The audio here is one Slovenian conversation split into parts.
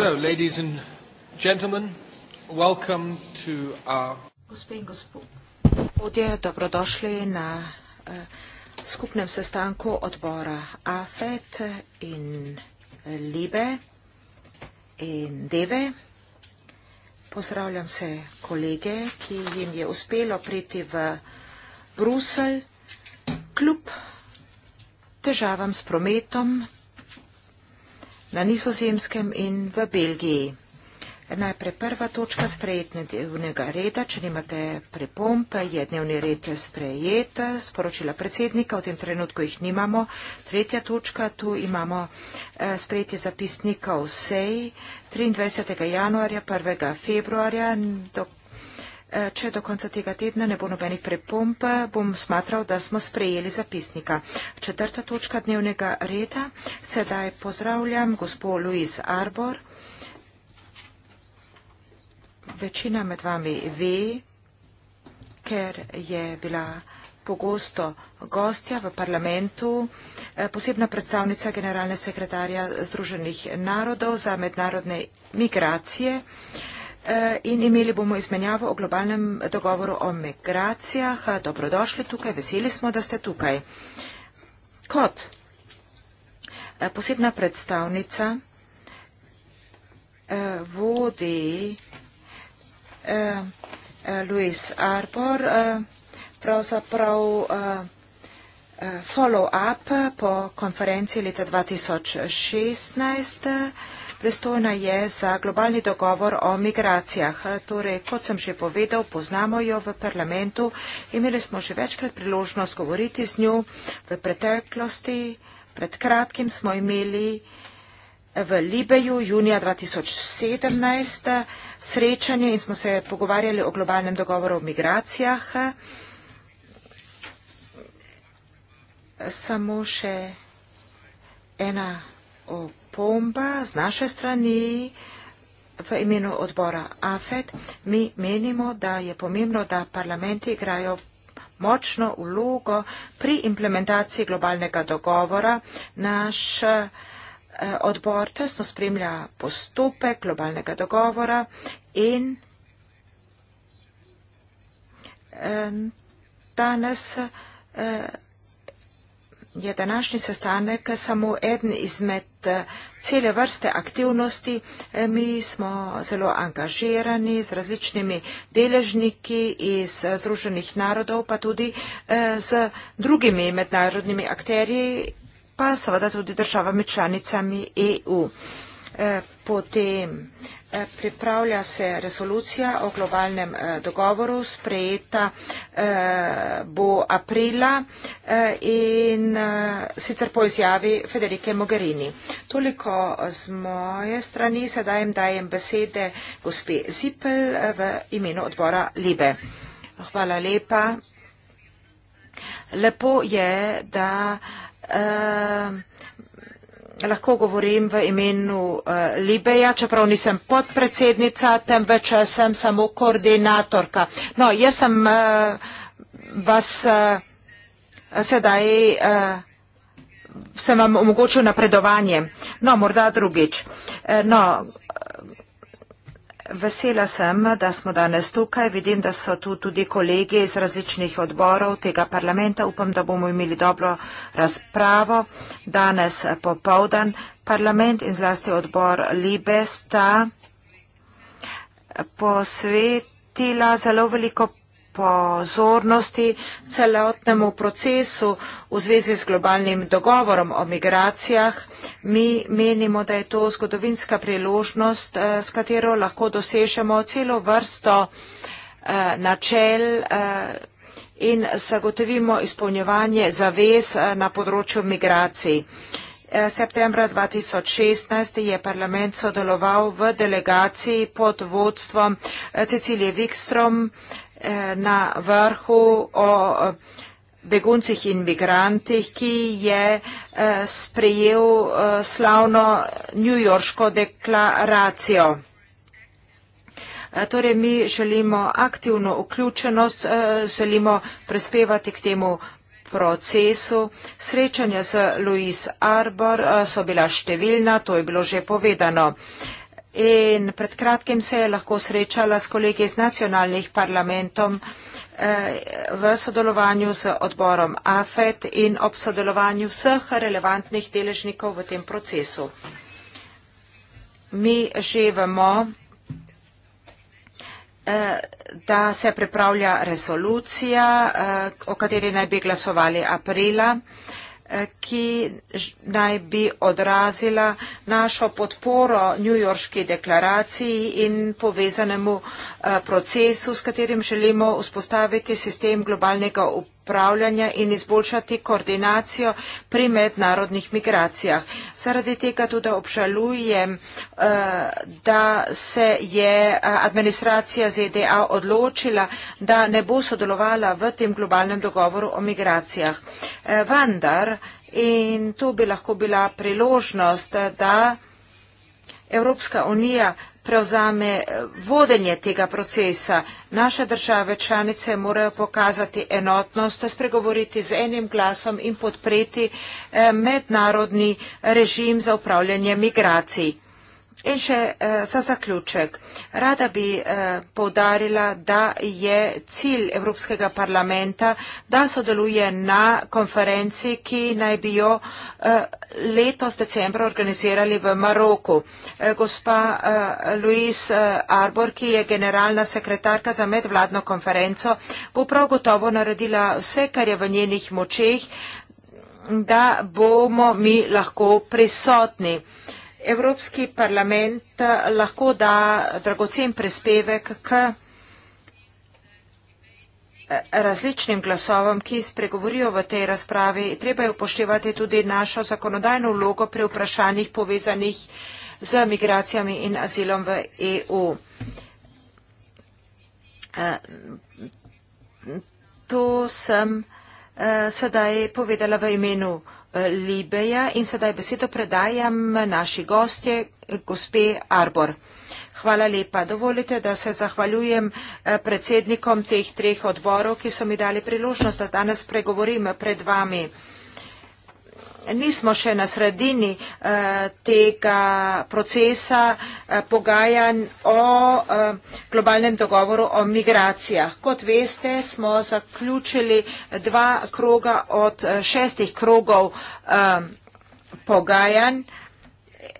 Ladies and gentlemen, welcome to our... Gospe in gospodje, dobrodošli na eh, skupnem sestanku odbora AFET in LIBE in DEVE. Pozdravljam se kolege, ki jim je uspelo priti v Brusel kljub težavam s prometom, na nizozemskem in v Belgiji. Najprej prva točka sprejetnega reda, če nimate pripomp, je dnevni red sprejet, sporočila predsednika, v tem trenutku jih nimamo. Tretja točka, tu imamo eh, sprejeti zapisnika vsej 23. januarja, 1. februarja, dok E, če do konca tega tedna ne bo nobenih prepomp, bom smatral, da smo sprejeli zapisnika. Četrta točka dnevnega reda. Sedaj pozdravljam gospo Louise Arbor. Večina med vami ve, ker je bila pogosto gostja v parlamentu, e, posebna predstavnica generalne sekretarja Združenih narodov za mednarodne migracije. Eh, in imeli bomo izmenjavo o globalnem dogovoru o migracijah. Eh, dobrodošli tukaj, veseli smo, da ste tukaj. Kot eh, posebna predstavnica vodi Luis Arbor, pravzaprav follow-up po konferenciji leta 2016, pristojna je za globalni dogovor o migracijah. Torej, kot sem že povedal, poznamo jo v parlamentu, imeli smo že večkrat priložnost govoriti z njo v preteklosti, pred kratkim smo imeli v Libeju junija 2017 srečanje in smo se pogovarjali o globalnem dogovoru o migracijah. Samo še ena o pripomba z naše strani v imenu odbora AFET. Mi menimo, da je pomembno, da parlamenti igrajo močno vlogo pri implementaciji globalnega dogovora. Naš eh, odbor tesno spremlja postopek globalnega dogovora in danes eh, je današnji sestanek samo eden izmed Eh, cele vrste aktivnosti. Eh, mi smo zelo angažirani z različnimi deležniki iz eh, Združenih narodov, pa tudi z drugimi mednarodnimi akterji, pa seveda tudi državami članicami EU. Potem eh, pripravlja se resolucija o globalnem eh, dogovoru, sprejeta eh, bo aprila in sicer po izjavi Federike Mogherini. Toliko z moje strani, sedaj jim dajem besede gospe Zipel v imenu odbora Libe. Hvala lepa. Lepo je, da uh, lahko govorim v imenu eh, Libeja, čeprav nisem podpredsednica, temveč eh, sem samo koordinatorka. No, jaz sem eh, vas sedaj sem vam omogočil napredovanje. No, morda drugič. No, Vesela sem, da smo danes tukaj. Vidim, da so tu tudi kolegi iz različnih odborov tega parlamenta. Upam, da bomo imeli dobro razpravo danes popovdan. Parlament in zlasti odbor Libesta posvetila zelo veliko pozornosti celotnemu procesu v zvezi z globalnim dogovorom o migracijah. Mi menimo, da je to zgodovinska priložnost, eh, s katero lahko dosežemo celo vrsto eh, načel eh, in zagotovimo izpolnjevanje zavez na področju migracij. Septembra 2016 je parlament sodeloval v delegaciji pod vodstvom Cecilije Wikstrom, na vrhu o eh, beguncih in migrantih, ki je eh, sprejel eh, slavno njujorško deklaracijo. Torej, mi želimo aktivno vključenost, želimo prispevati k temu procesu. Srečanja z Louise Arbor so bila številna, to je bilo že povedano in pred kratkim se je lahko srečala s kolegi iz nacionalnih parlamentom eh, v sodelovanju z odborom AFET in ob sodelovanju vseh relevantnih deležnikov v tem procesu. Mi že vemo, eh, da se pripravlja resolucija, eh, o kateri naj bi glasovali aprila ki naj bi odrazila našo podporo njujorški deklaraciji in povezanemu eh, procesu, s katerim želimo vzpostaviti sistem globalnega upravljanja upravljanja in izboljšati koordinacijo pri mednarodnih migracijah. Zaradi tega tudi obžalujem, eh, da se je eh, administracija ZDA odločila, da ne bo sodelovala v tem globalnem dogovoru o migracijah. Eh, vendar, in to bi lahko bila priložnost, da Evropska unija prevzame eh, vodenje tega procesa. Naše države članice morajo pokazati enotnost, spregovoriti z enim glasom in podpreti eh, mednarodni režim za upravljanje migracij. In še eh, za zaključek. Rada bi eh, povdarila, da je cilj Evropskega parlamenta, da sodeluje na konferenci, ki naj bi jo eh, letos decembra organizirali v Maroku. Gospa Louise Arbor, ki je generalna sekretarka za medvladno konferenco, bo prav gotovo naredila vse, kar je v njenih močeh, da bomo mi lahko prisotni. Evropski parlament eh, lahko da dragocen prespevek k eh, različnim glasovam, ki spregovorijo v tej razpravi. Treba je upoštevati tudi našo zakonodajno vlogo pri vprašanjih povezanih z migracijami in azilom v EU. Eh, to sem sedaj povedala v imenu. Libeja in sedaj besedo predajam naši gostje, gospe Arbor. Hvala lepa. Dovolite, da se zahvaljujem eh, predsednikom teh treh odborov, ki so mi dali priložnost, da danes pregovorim pred vami nismo še na sredini eh, tega procesa eh, pogajanj o eh, globalnem dogovoru o migracijah. Kot veste, smo zaključili dva kroga od eh, šestih krogov eh, pogajanj eh,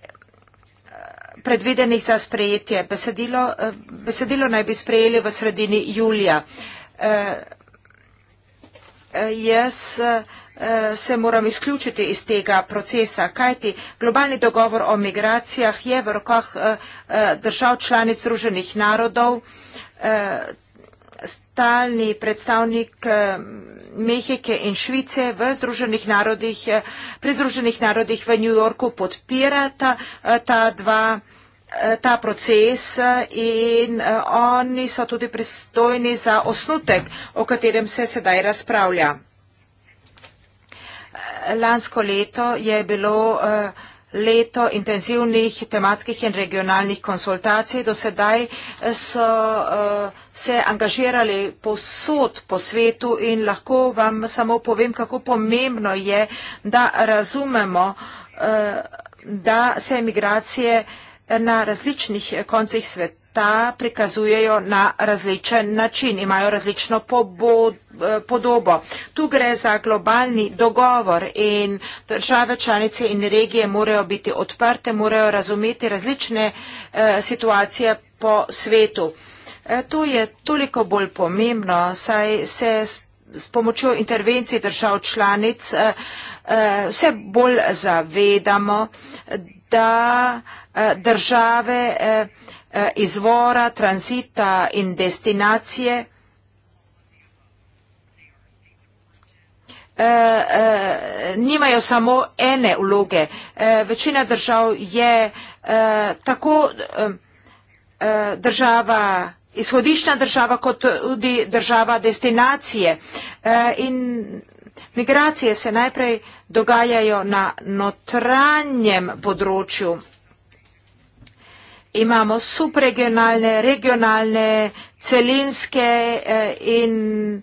predvidenih za sprejetje. Besedilo, eh, besedilo naj bi sprejeli v sredini julija. Eh, eh jaz, eh, Eh, se moram izključiti iz tega procesa, kajti globalni dogovor o migracijah je v rokah eh, eh, držav članic Združenih narodov. Stalni predstavnik Mehike in Švice v Združenih narodih, pri Združenih narodih v New Yorku podpira ta, ta dva ta proces in oni so tudi pristojni za osnutek, o katerem se sedaj razpravlja lansko leto je bilo eh, leto intenzivnih tematskih in regionalnih konsultacij. Do sedaj eh, so eh, se angažirali posod po svetu in lahko vam samo povem, kako pomembno je, da razumemo, da se emigracije na različnih koncih sveta ta prikazujejo na različen način, imajo različno eh, podobo. Tu gre za globalni dogovor in države članice in regije morajo biti odprte, morajo razumeti različne eh, situacije po svetu. Eh, to je toliko bolj pomembno, saj se s pomočjo intervencij držav članic vse bolj zavedamo, da države Eh, izvora, transita in destinacije, eh, eh, nimajo samo ene vloge. Večina držav je tako država, izhodišnja država, kot tudi država destinacije. In migracije se najprej dogajajo na notranjem področju imamo subregionalne, regionalne, celinske eh, in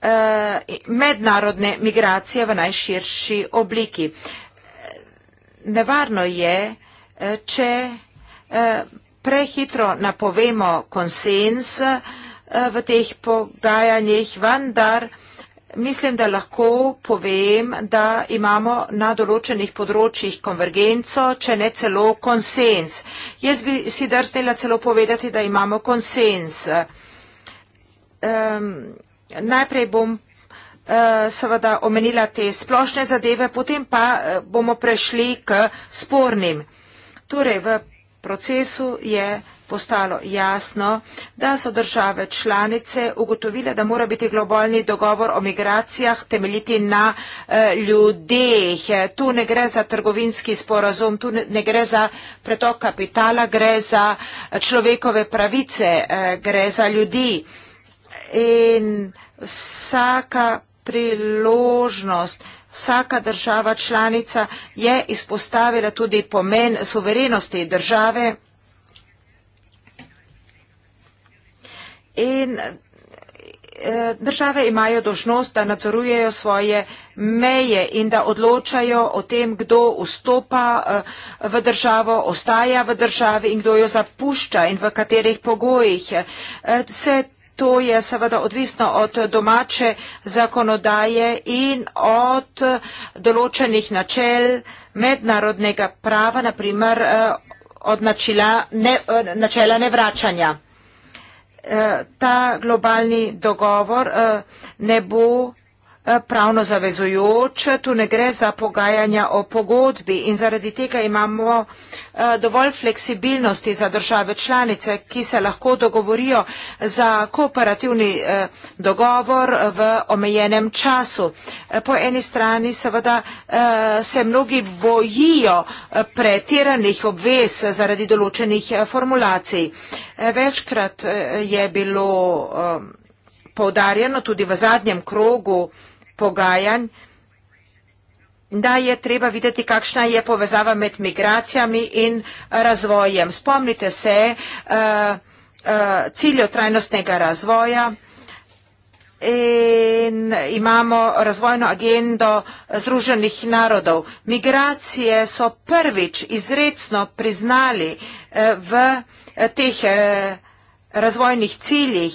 eh, mednarodne migracije v najširši obliki. Nevarno je, eh, če eh, prehitro napovemo konsens eh, v teh pogajanjih, vendar eh, Mislim, da lahko povem, da imamo na določenih področjih konvergenco, če ne celo konsens. Jaz bi si drznila celo povedati, da imamo konsens. Um, najprej bom uh, seveda omenila te splošne zadeve, potem pa eh, bomo prešli k spornim. Torej, v procesu je postalo jasno, da so države članice ugotovile, da mora biti globalni dogovor o migracijah temeljiti na eh, ljudeh. Tu ne gre za trgovinski sporazum, tu ne gre za pretok kapitala, gre za človekove pravice, eh, gre za ljudi. In vsaka priložnost, vsaka država članica je izpostavila tudi pomen suverenosti države. in eh, države imajo dožnost, da nadzorujejo svoje meje in da odločajo o tem, kdo vstopa eh, v državo, ostaja v državi in kdo jo zapušča in v katerih pogojih. Eh, vse to je seveda odvisno od domače zakonodaje in od določenih načel mednarodnega prava, naprimer od načela nevračanja. Ne Eh, ta globalni dogovor eh, ne bo Eh, pravno zavezujoč, tu ne gre za pogajanja o pogodbi in zaradi tega imamo eh, dovolj fleksibilnosti za države članice, ki se lahko dogovorijo za kooperativni eh, dogovor v omejenem času. Po eni strani seveda se mnogi bojijo pretiranih obvez zaradi določenih formulacij. Večkrat je bilo povdarjeno tudi v zadnjem krogu, pogajanj, da je treba videti, kakšna je povezava med migracijami in eh, razvojem. Spomnite se eh, eh, ciljev trajnostnega razvoja in imamo razvojno agendo Združenih narodov. Migracije so prvič izredno priznali v teh razvojnih ciljih,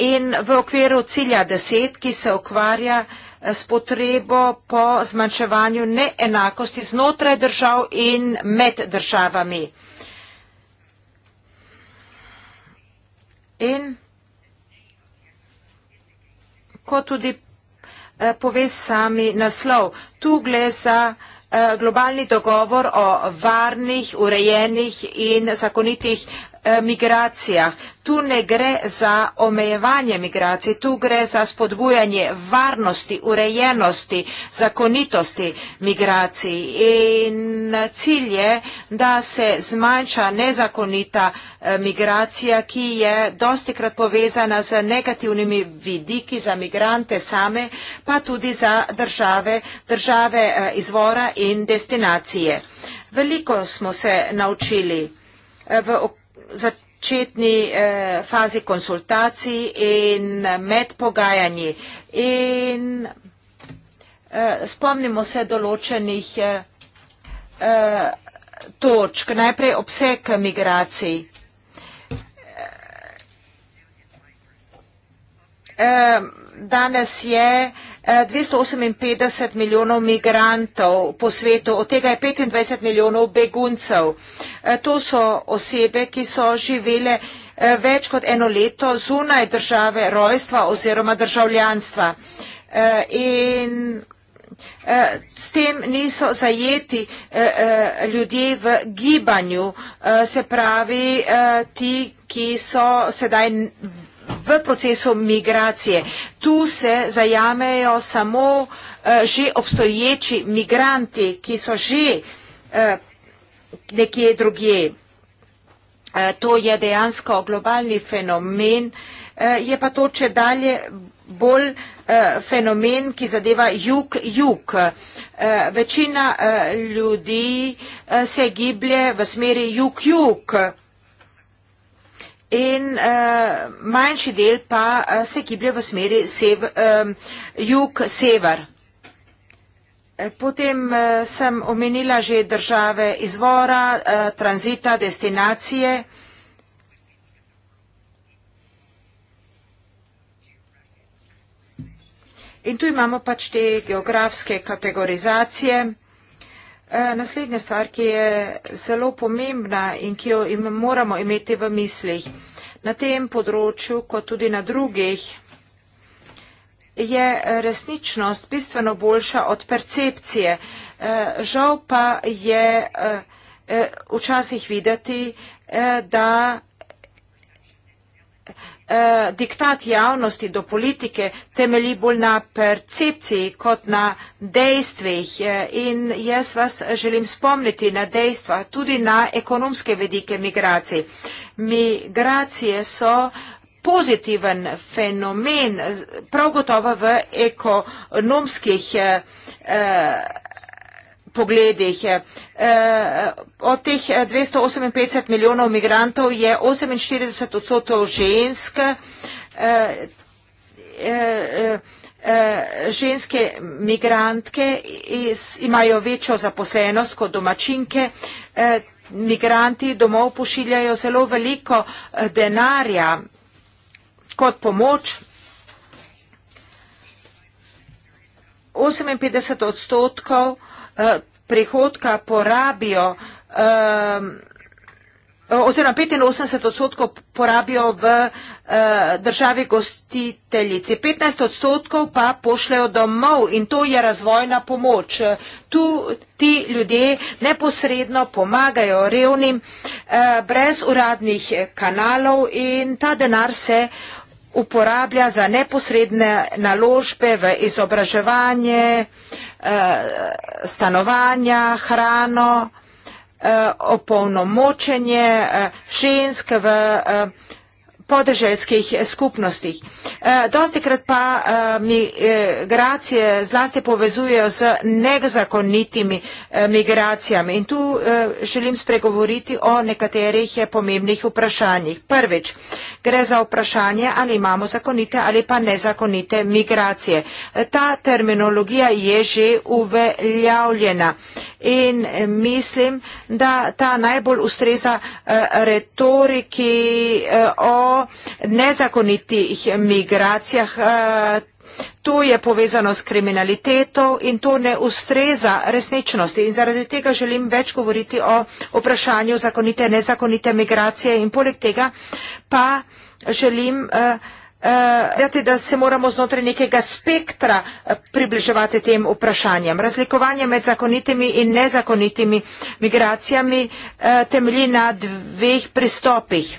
in v okviru cilja 10, ki se ukvarja eh, s potrebo po zmanjševanju neenakosti znotraj držav in med državami. In kot tudi eh, pove sami naslov, tu gre za eh, globalni dogovor o varnih, urejenih in zakonitih Eh, migracijah. Tu ne gre za omejevanje migracij, tu gre za spodbujanje varnosti, urejenosti, zakonitosti migracij. In cilj je, da se zmanjša nezakonita eh, migracija, ki je dosti krat povezana z negativnimi vidiki za migrante same, pa tudi za države, države eh, izvora in destinacije. Veliko smo se naučili v okolju začetni eh, fazi konsultacij in med pogajanji. In eh, spomnimo se določenih eh, eh točk. Najprej obseg migracij. Eh, eh danes je eh, 258 eh, milijonov migrantov po svetu, od tega je 25 milijonov beguncev. Eh, to so osebe, ki so živele eh, več kot eno leto zunaj države rojstva oziroma državljanstva. In s tem niso zajeti ljudje v gibanju, se pravi ti, ki so sedaj v procesu migracije. Tu se zajamejo samo eh, že obstoječi migranti, ki so že eh, nekje drugje. Eh, to je dejansko globalni fenomen, je pa to, če dalje bolj fenomen, ki zadeva jug-jug. Večina ljudi se giblje v smeri jug-jug in uh, manjši del pa uh, se giblje v smeri sev, um, jug-sever. Potem uh, sem omenila že države izvora, uh, tranzita, destinacije. In tu imamo pač te geografske kategorizacije. Eh, naslednja stvar, ki je zelo pomembna in ki jo im, moramo imeti v mislih na tem področju, kot tudi na drugih, je eh, resničnost bistveno boljša od percepcije. Eh, žal pa je včasih videti, da eh, diktat javnosti do politike temelji bolj na percepciji kot na dejstvih. Eh, in jaz vas želim spomniti na dejstva, tudi na ekonomske vedike migracij. Migracije so pozitiven fenomen, prav gotovo v ekonomskih. Eh, eh, pogledih. Eh, eh, od teh 258 eh, milijonov migrantov je 48 odstotkov žensk. Ženske migrantke imajo večjo zaposlenost kot domačinke. Migranti domov pošiljajo zelo veliko denarja kot pomoč. 58 odstotkov prihodka porabijo oziroma 85 odstotkov porabijo v eh, državi gostiteljici, 15 odstotkov pa pošljajo domov in to je razvojna pomoč. Tu ti ljudje neposredno pomagajo revnim eh, brez uradnih kanalov in ta denar se odstavlja uporablja za neposredne naložbe v izobraževanje, eh, stanovanja, hrano, eh, opolnomočenje eh, žensk v izobraževanje, podeželskih skupnostih. Eh, Dosti krat pa eh, migracije zlasti povezujejo z nezakonitimi eh, migracijami in tu želim spregovoriti o nekaterih pomembnih vprašanjih. Prvič, gre za vprašanje, ali imamo zakonite ali pa nezakonite migracije. Ta terminologija je že uveljavljena in mislim, da ta najbolj ustreza retoriki o nezakonitih migracijah. Eh, to je povezano s kriminaliteto in to ne ustreza resničnosti. In zaradi tega želim več govoriti o vprašanju zakonite in nezakonite migracije in poleg tega pa želim. Uh, dati, da se moramo znotraj nekega spektra približevati tem vprašanjem. Razlikovanje med zakonitimi in nezakonitimi migracijami uh, temelji na dveh pristopih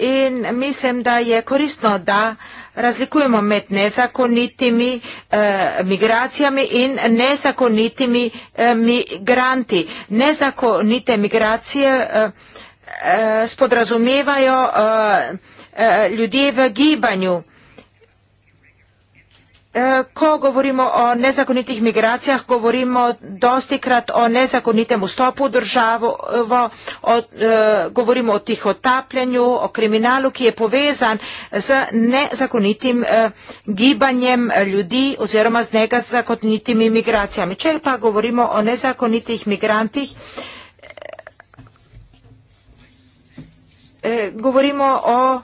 in mislim, da je koristno, da razlikujemo med nezakonitimi eh, migracijami in nezakonitimi eh, migranti. Nezakonite migracije eh, eh, spodrazumevajo eh, eh, ljudje v gibanju. Eh, ko govorimo o nezakonitih migracijah, govorimo dosti krat o nezakonitem vstopu v državo, eh, o, eh, govorimo o tihotapljanju, o kriminalu, ki je povezan z nezakonitim gibanjem ljudi oziroma z nezakonitimi migracijami. Če pa govorimo o nezakonitih migrantih, govorimo o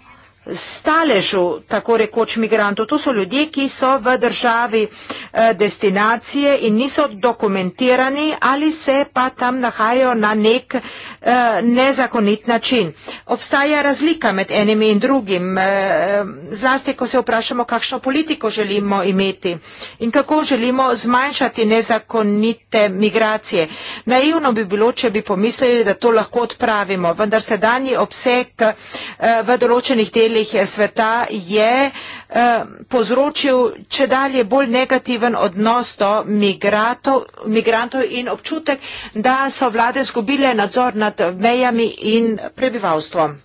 staležu tako rekoč migrantov. To so ljudje, ki so v državi eh, destinacije in niso dokumentirani ali se pa tam nahajajo na nek eh, nezakonit način. Obstaja razlika med enimi in drugim, eh, zlasti ko se vprašamo, kakšno politiko želimo imeti in kako želimo zmanjšati nezakonite migracije. Naivno bi bilo, če bi pomislili, da to lahko odpravimo, vendar sedanji obseg v določenih delih delih eh, sveta je eh, povzročil čedalje bolj negativen odnos do migrantov in občutek, da so vlade zgubile nadzor nad mejami in prebivalstvom.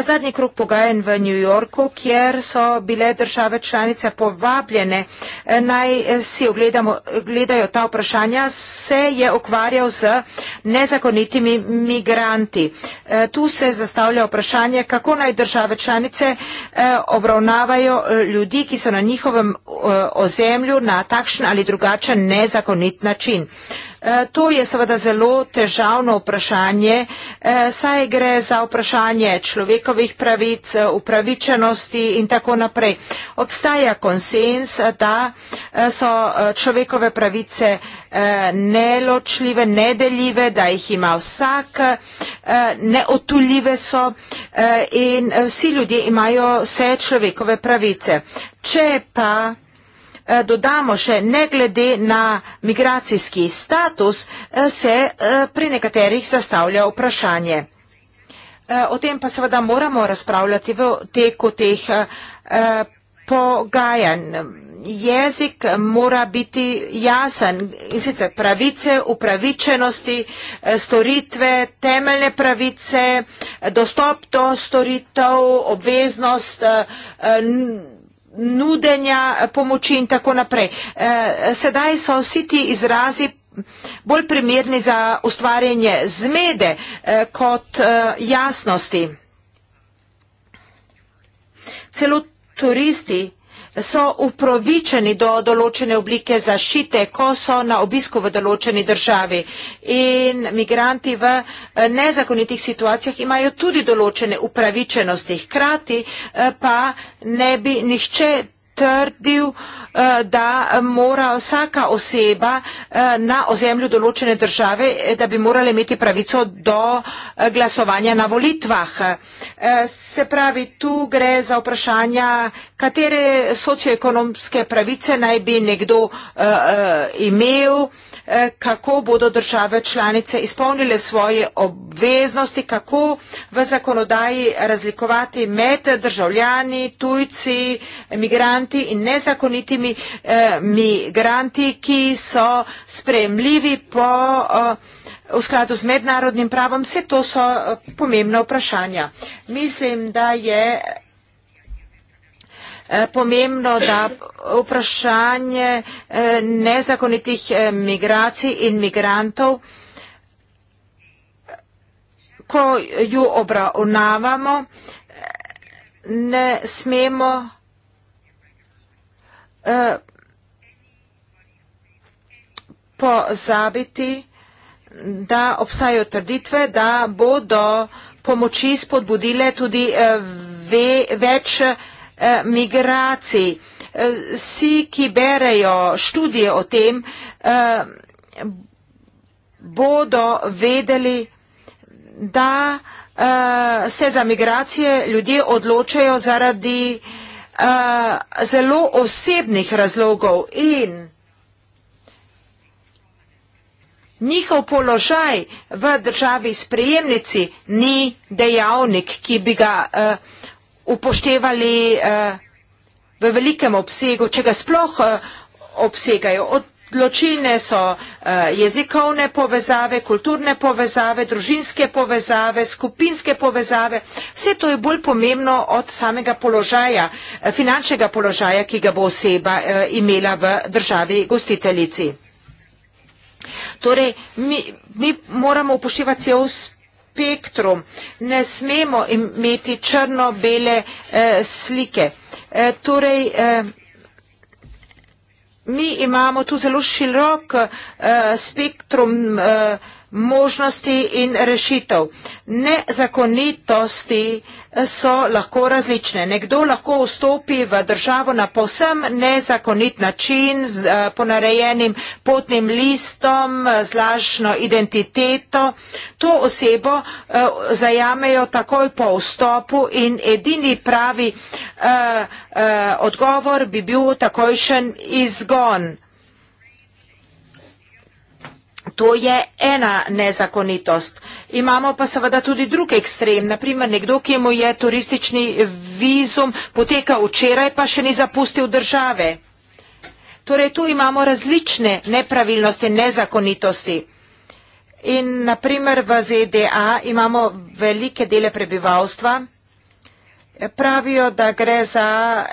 Zadnji krok pogajen v New Yorku, kjer so bile države članice povabljene, eh, naj eh, si ogledamo, ogledajo ta vprašanja, se je ukvarjal z nezakonitimi migranti. Eh, tu se zastavlja vprašanje, kako naj države članice obravnavajo ljudi, ki so na njihovem ozemlju na takšen ali drugačen nezakonit način. Eh, to je seveda zelo težavno vprašanje, eh, saj gre za vprašanje človekovih pravic, upravičenosti in tako naprej. Obstaja konsens, da eh, so človekove pravice neločljive, nedeljive, da jih ima vsak, neotuljive so in vsi ljudje imajo vse človekove pravice. Če pa Eh, dodamo še ne glede na migracijski status, eh, se eh, pri nekaterih zastavlja vprašanje. O tem pa seveda moramo razpravljati v teku teh pogajanj. Jezik mora biti jasen in sicer pravice, upravičenosti, storitve, temeljne pravice, dostop do storitev, obveznost, nekaj nudenja pomoči in tako naprej. Eh, sedaj so vsi ti izrazi bolj primerni za ustvarjanje zmede eh, kot eh, jasnosti. Celo turisti so upravičeni do določene oblike zašite, ko so na obisku v določeni državi. In migranti v eh, nezakonitih situacijah imajo tudi določene upravičenosti. Hkrati eh, pa ne bi nihče potrdil, eh, da mora vsaka oseba eh, na ozemlju določene države, eh, da bi morala imeti pravico do glasovanja na volitvah. Se pravi, tu gre za vprašanja, katere socioekonomske pravice naj bi nekdo imel, kako bodo države članice izpolnile svoje obveznosti, kako v zakonodaji razlikovati med državljani, tujci, migranti, migranti in nezakonitimi eh, migranti, ki so spremljivi po, eh, v skladu z mednarodnim pravom. Vse to so eh, pomembna vprašanja. Mislim, da je eh, pomembno, da vprašanje eh, nezakonitih eh, migracij in migrantov, ko ju obravnavamo, ne smemo pozabiti, da obstajajo trditve, da bodo pomoči spodbudile tudi eh, ve, več eh, migracij. Vsi, ki berejo študije o tem, eh, bodo vedeli, da se za migracije ljudje odločajo zaradi uh, zelo osebnih razlogov in njihov položaj v državi sprejemnici ni dejavnik, ki bi ga uh, upoštevali uh, v velikem obsegu, če ga sploh uh, obsegajo. Od zločine so eh, jezikovne povezave, kulturne povezave, družinske povezave, skupinske povezave. Vse to je bolj pomembno od samega položaja, eh, finančnega položaja, ki ga bo oseba eh, imela v državi gostiteljici. Torej, mi, mi moramo upoštevati cel spektrum. Ne smemo imeti črno-bele eh, slike. Eh, torej, eh, Mi imamo tu zelo širok uh, spektrum uh, možnosti in rešitev. Nezakonitosti eh, so lahko različne. Nekdo lahko vstopi v državo na posem nezakonit način z eh, ponarejenim potnim listom, eh, z lažno identiteto. To osebo zajamejo takoj po vstopu in edini pravi odgovor bi bil takojšen izgon. To je ena nezakonitost. Imamo pa seveda tudi drug ekstrem, naprimer nekdo, ki mu je turistični vizum potekal včeraj, pa še ni zapustil države. Torej tu imamo različne nepravilnosti, nezakonitosti. In naprimer v ZDA imamo velike dele prebivalstva, pravijo, da gre za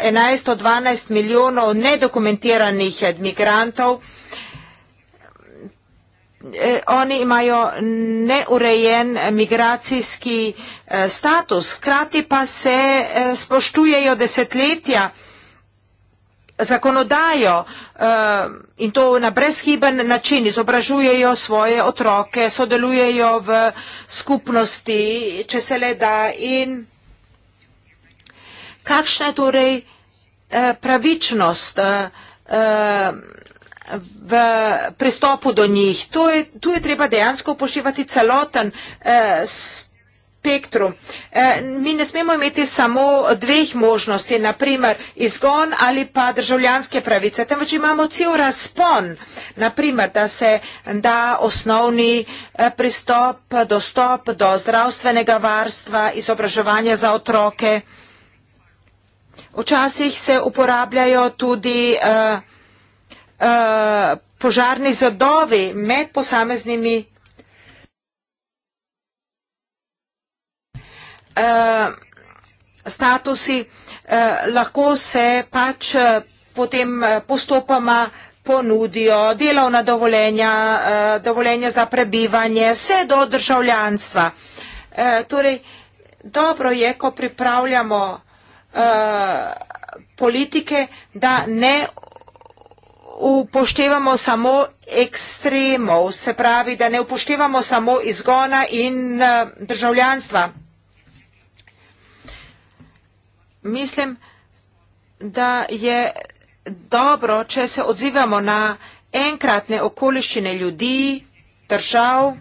11-12 milijonov nedokumentiranih migrantov, E, oni imajo neurejen migracijski e, status, hkrati pa se e, spoštujejo desetletja zakonodajo in to na brezhiben način izobražujejo svoje otroke, sodelujejo v skupnosti, če se le da in kakšna je torej pravičnost v pristopu do njih. To je, tu je treba dejansko upoštevati celoten eh, spektrum. Eh, mi ne smemo imeti samo dveh možnosti, naprimer izgon ali pa državljanske pravice, temveč imamo cel razpon, naprimer, da se da osnovni eh, pristop, dostop do zdravstvenega varstva, izobraževanja za otroke. Včasih se uporabljajo tudi eh, Eh, požarni zadovi med posameznimi eh, statusi, eh, lahko se pač potem postopoma ponudijo delovna dovoljenja, dovoljenja za prebivanje, vse do državljanstva. Torej, dobro je, ko pripravljamo politike, da ne upoštevamo samo ekstremov, se pravi, da ne upoštevamo samo izgona in eh, državljanstva. Mislim, da je dobro, če se odzivamo na enkratne okoliščine ljudi, držav,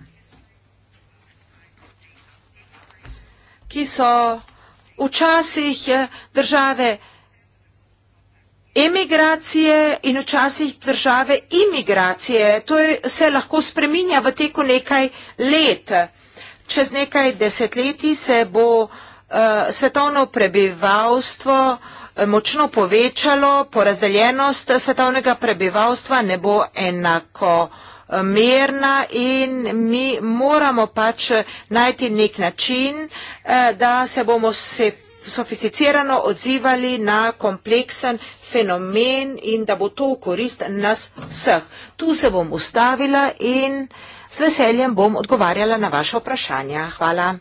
ki so včasih eh, države vsega, emigracije in včasih države imigracije. To se lahko spreminja v teku nekaj let. Čez nekaj desetletij se bo uh, svetovno prebivalstvo eh, močno povečalo, porazdeljenost svetovnega prebivalstva ne bo enako merna in mi moramo pač najti nek način, eh, da se bomo se sofisticirano odzivali na kompleksen fenomen in da bo to v korist nas vseh. Tu se bom ustavila in s veseljem bom odgovarjala na vaše vprašanja. Hvala.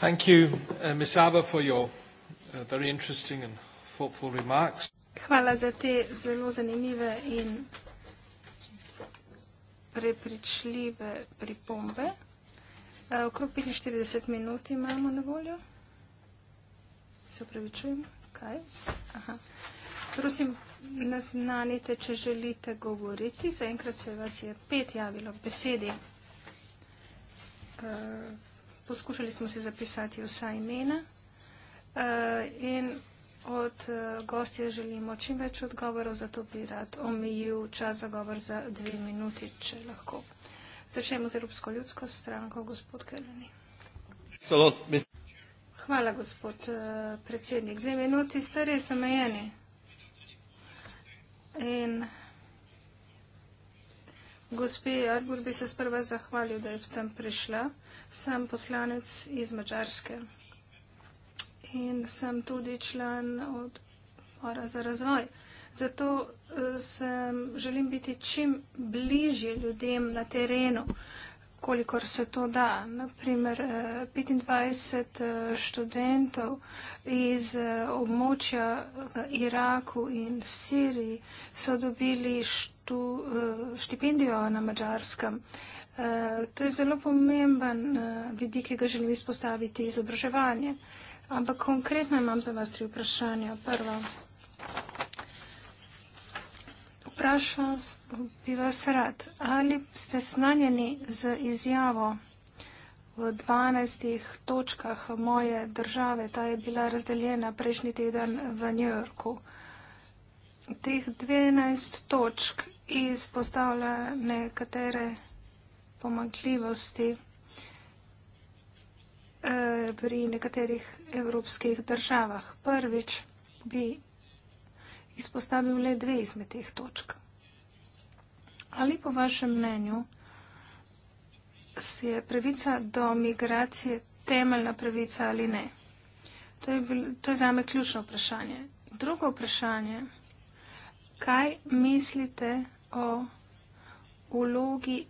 Thank you, uh, Ms. Abba, for your uh, very interesting and thoughtful remarks. Hvala za te zelo zanimive in prepričljive pripombe. Eh, okrog 45 minut imamo na voljo. Se upravičujem, kaj? Aha. Prosim, naznanite, če želite govoriti. Zaenkrat se vas je pet javilo v besedi. Eh, poskušali smo se zapisati vsa imena. Eh, in od eh, gostje želimo čim več odgovorov, zato bi rad omejil čas za govor za dve minuti, če lahko. Začnemo z Evropsko ljudsko stranko, gospod Keleni. Hvala, gospod eh, predsednik. Dve minuti ste res omejeni. In gospe Arbur bi se sprva zahvalil, da je vcem prišla. Sem poslanec iz Mačarske in sem tudi član odbora za razvoj. Zato eh, sem, želim biti čim bližje ljudem na terenu, kolikor se to da. Naprimer, 25 eh, eh, študentov iz območja v Iraku in v Siriji so dobili štu, štipendijo na mačarskem. To je zelo pomemben vidik, ki ga želim izpostaviti, izobraževanje. Ampak konkretno imam za vas tri vprašanja. Prvo. Vprašal bi vas rad, ali ste znanjeni z izjavo v 12 točkah moje države, ta je bila razdeljena prejšnji teden v New Yorku. Teh 12 točk izpostavlja nekatere pomankljivosti Eh, pri nekaterih evropskih državah. Prvič bi izpostavil le dve izmed teh točk. Ali po vašem mnenju se je pravica do migracije temeljna pravica ali ne? To je, bil, to je za me ključno vprašanje. Drugo vprašanje, kaj mislite o vlogi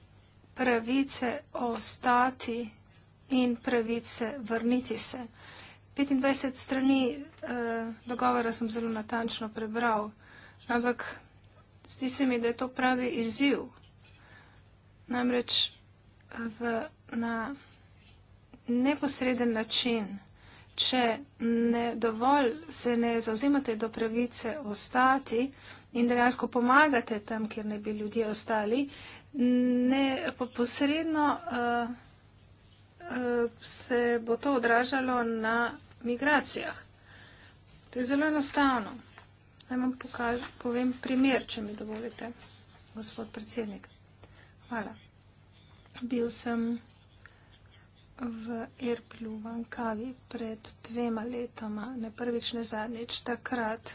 pravice ostati in pravice vrniti se. 25 strani eh, dogovora sem zelo natančno prebral, ampak zdi se mi, da je to pravi izziv. Namreč v, na neposreden način, če ne dovolj se ne zauzimate do pravice ostati in dejansko pomagate tam, kjer ne bi ljudje ostali, ne posredno. Eh, Eh, se bo to odražalo na migracijah. To je zelo enostavno. Naj vam pokaž, povem primer, če mi dovolite, gospod predsednik. Hvala. Bil sem v Erplu v Ankavi pred dvema letoma, ne prvič, ne zadnjič. Takrat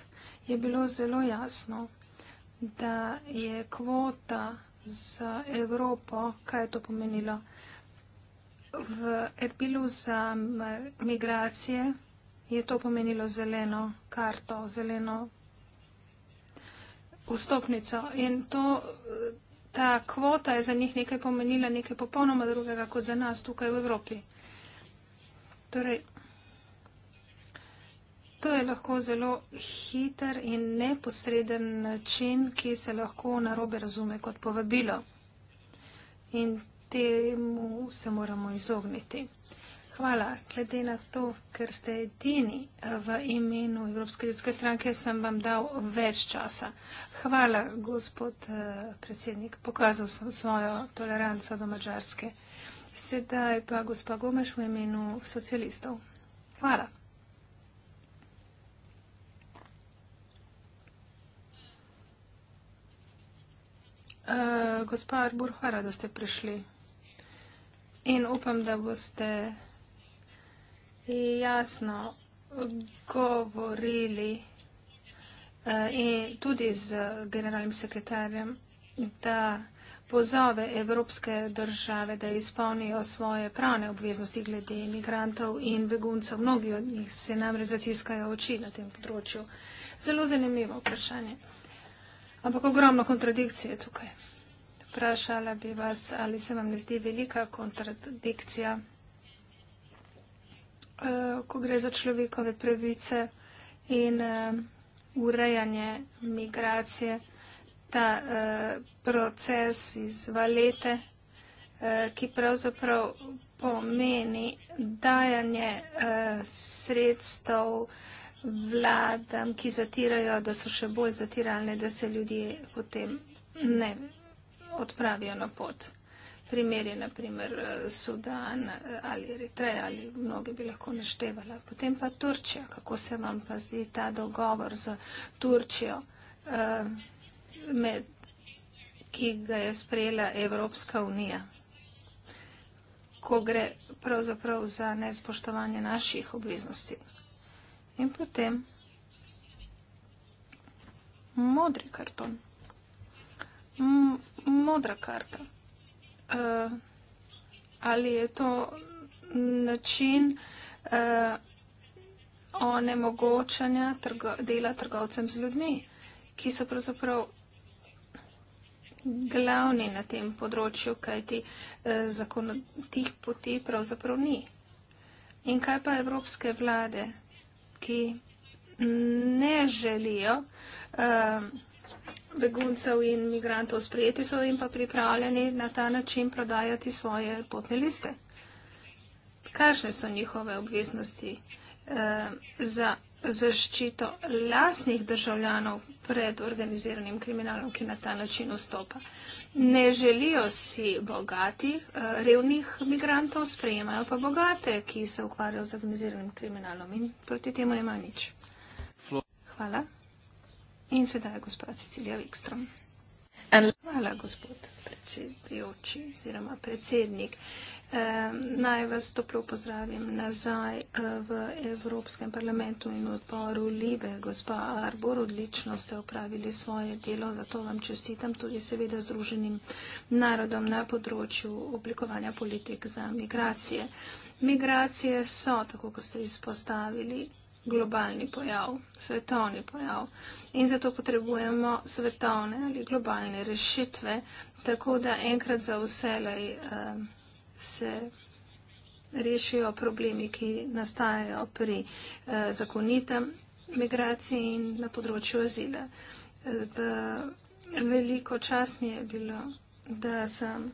je bilo zelo jasno, da je kvota za Evropo, kaj je to pomenilo, uh, v epilu za migracije je to pomenilo zeleno karto, zeleno vstopnico. In to, ta kvota je za njih nekaj pomenila, nekaj popolnoma drugega kot za nas tukaj v Evropi. Torej, to je lahko zelo hiter in neposreden način, ki se lahko narobe razume kot povabilo. In temu se moramo izogniti. Hvala. Glede na to, ker ste edini eh, v imenu Evropske ljudske stranke, sem vam dal več časa. Hvala, gospod eh, predsednik. Pokazal sem svojo toleranco do Mačarske. Sedaj pa gospa Gomeš v imenu socialistov. Hvala. Uh, gospa Arbur, hvala, da ste prišli in upam, da boste jasno govorili eh, in tudi z generalnim sekretarjem, da pozove evropske države, da izpolnijo svoje pravne obveznosti glede imigrantov in beguncev. Mnogi od njih se namreč zatiskajo oči na tem področju. Zelo zanimivo vprašanje. Ampak ogromno kontradikcije je tukaj. Vprašala bi vas, ali se vam ne zdi velika kontradikcija, eh, ko gre za človekove pravice in eh, urejanje migracije, ta eh, proces iz valete, ki pravzaprav pomeni dajanje sredstev vladam, ki zatirajo, da so še bolj zatiralne, da se ljudje potem ne vedo odpravijo na pot. Primer je eh, naprimer Sudan eh, ali Eritreja ali mnogi bi lahko naštevala. Potem pa Turčija. Kako se vam pa zdi ta dogovor z Turčijo, uh, med, ki ga je sprejela Evropska unija? ko gre pravzaprav za nespoštovanje naših obveznosti. In potem modri karton modra karta. Uh, ali je to način uh, onemogočanja trgo dela trgovcem z ljudmi, ki so pravzaprav glavni na tem področju, kajti uh, e, zakonitih poti pravzaprav ni. In kaj pa evropske vlade, ki ne želijo uh, beguncev in migrantov sprejeti, so jim pa pripravljeni na ta način prodajati svoje potne liste. Kakšne so njihove obveznosti eh, za zaščito lasnih državljanov pred organiziranim kriminalom, ki na ta način vstopa? Ne želijo si bogatih, eh, revnih migrantov, sprejemajo pa bogate, ki se ukvarjajo z organiziranim kriminalom in proti temu nima nič. Hvala in sedaj gospa Cecilija Vikstrom. Hvala, gospod predsedujoči oziroma predsednik. Naj vas toplo pozdravim nazaj eh, v Evropskem parlamentu in odboru Libe. Gospa Arbor, odlično ste opravili svoje delo, zato vam čestitam tudi seveda Združenim narodom na področju oblikovanja politik za migracije. Migracije so, tako kot ste izpostavili, globalni pojav, svetovni pojav. In zato potrebujemo svetovne ali globalne rešitve, tako da enkrat za vselej eh, se rešijo problemi, ki nastajajo pri eh, zakonitem migraciji in na področju azila. V, veliko čast mi je bilo, da sem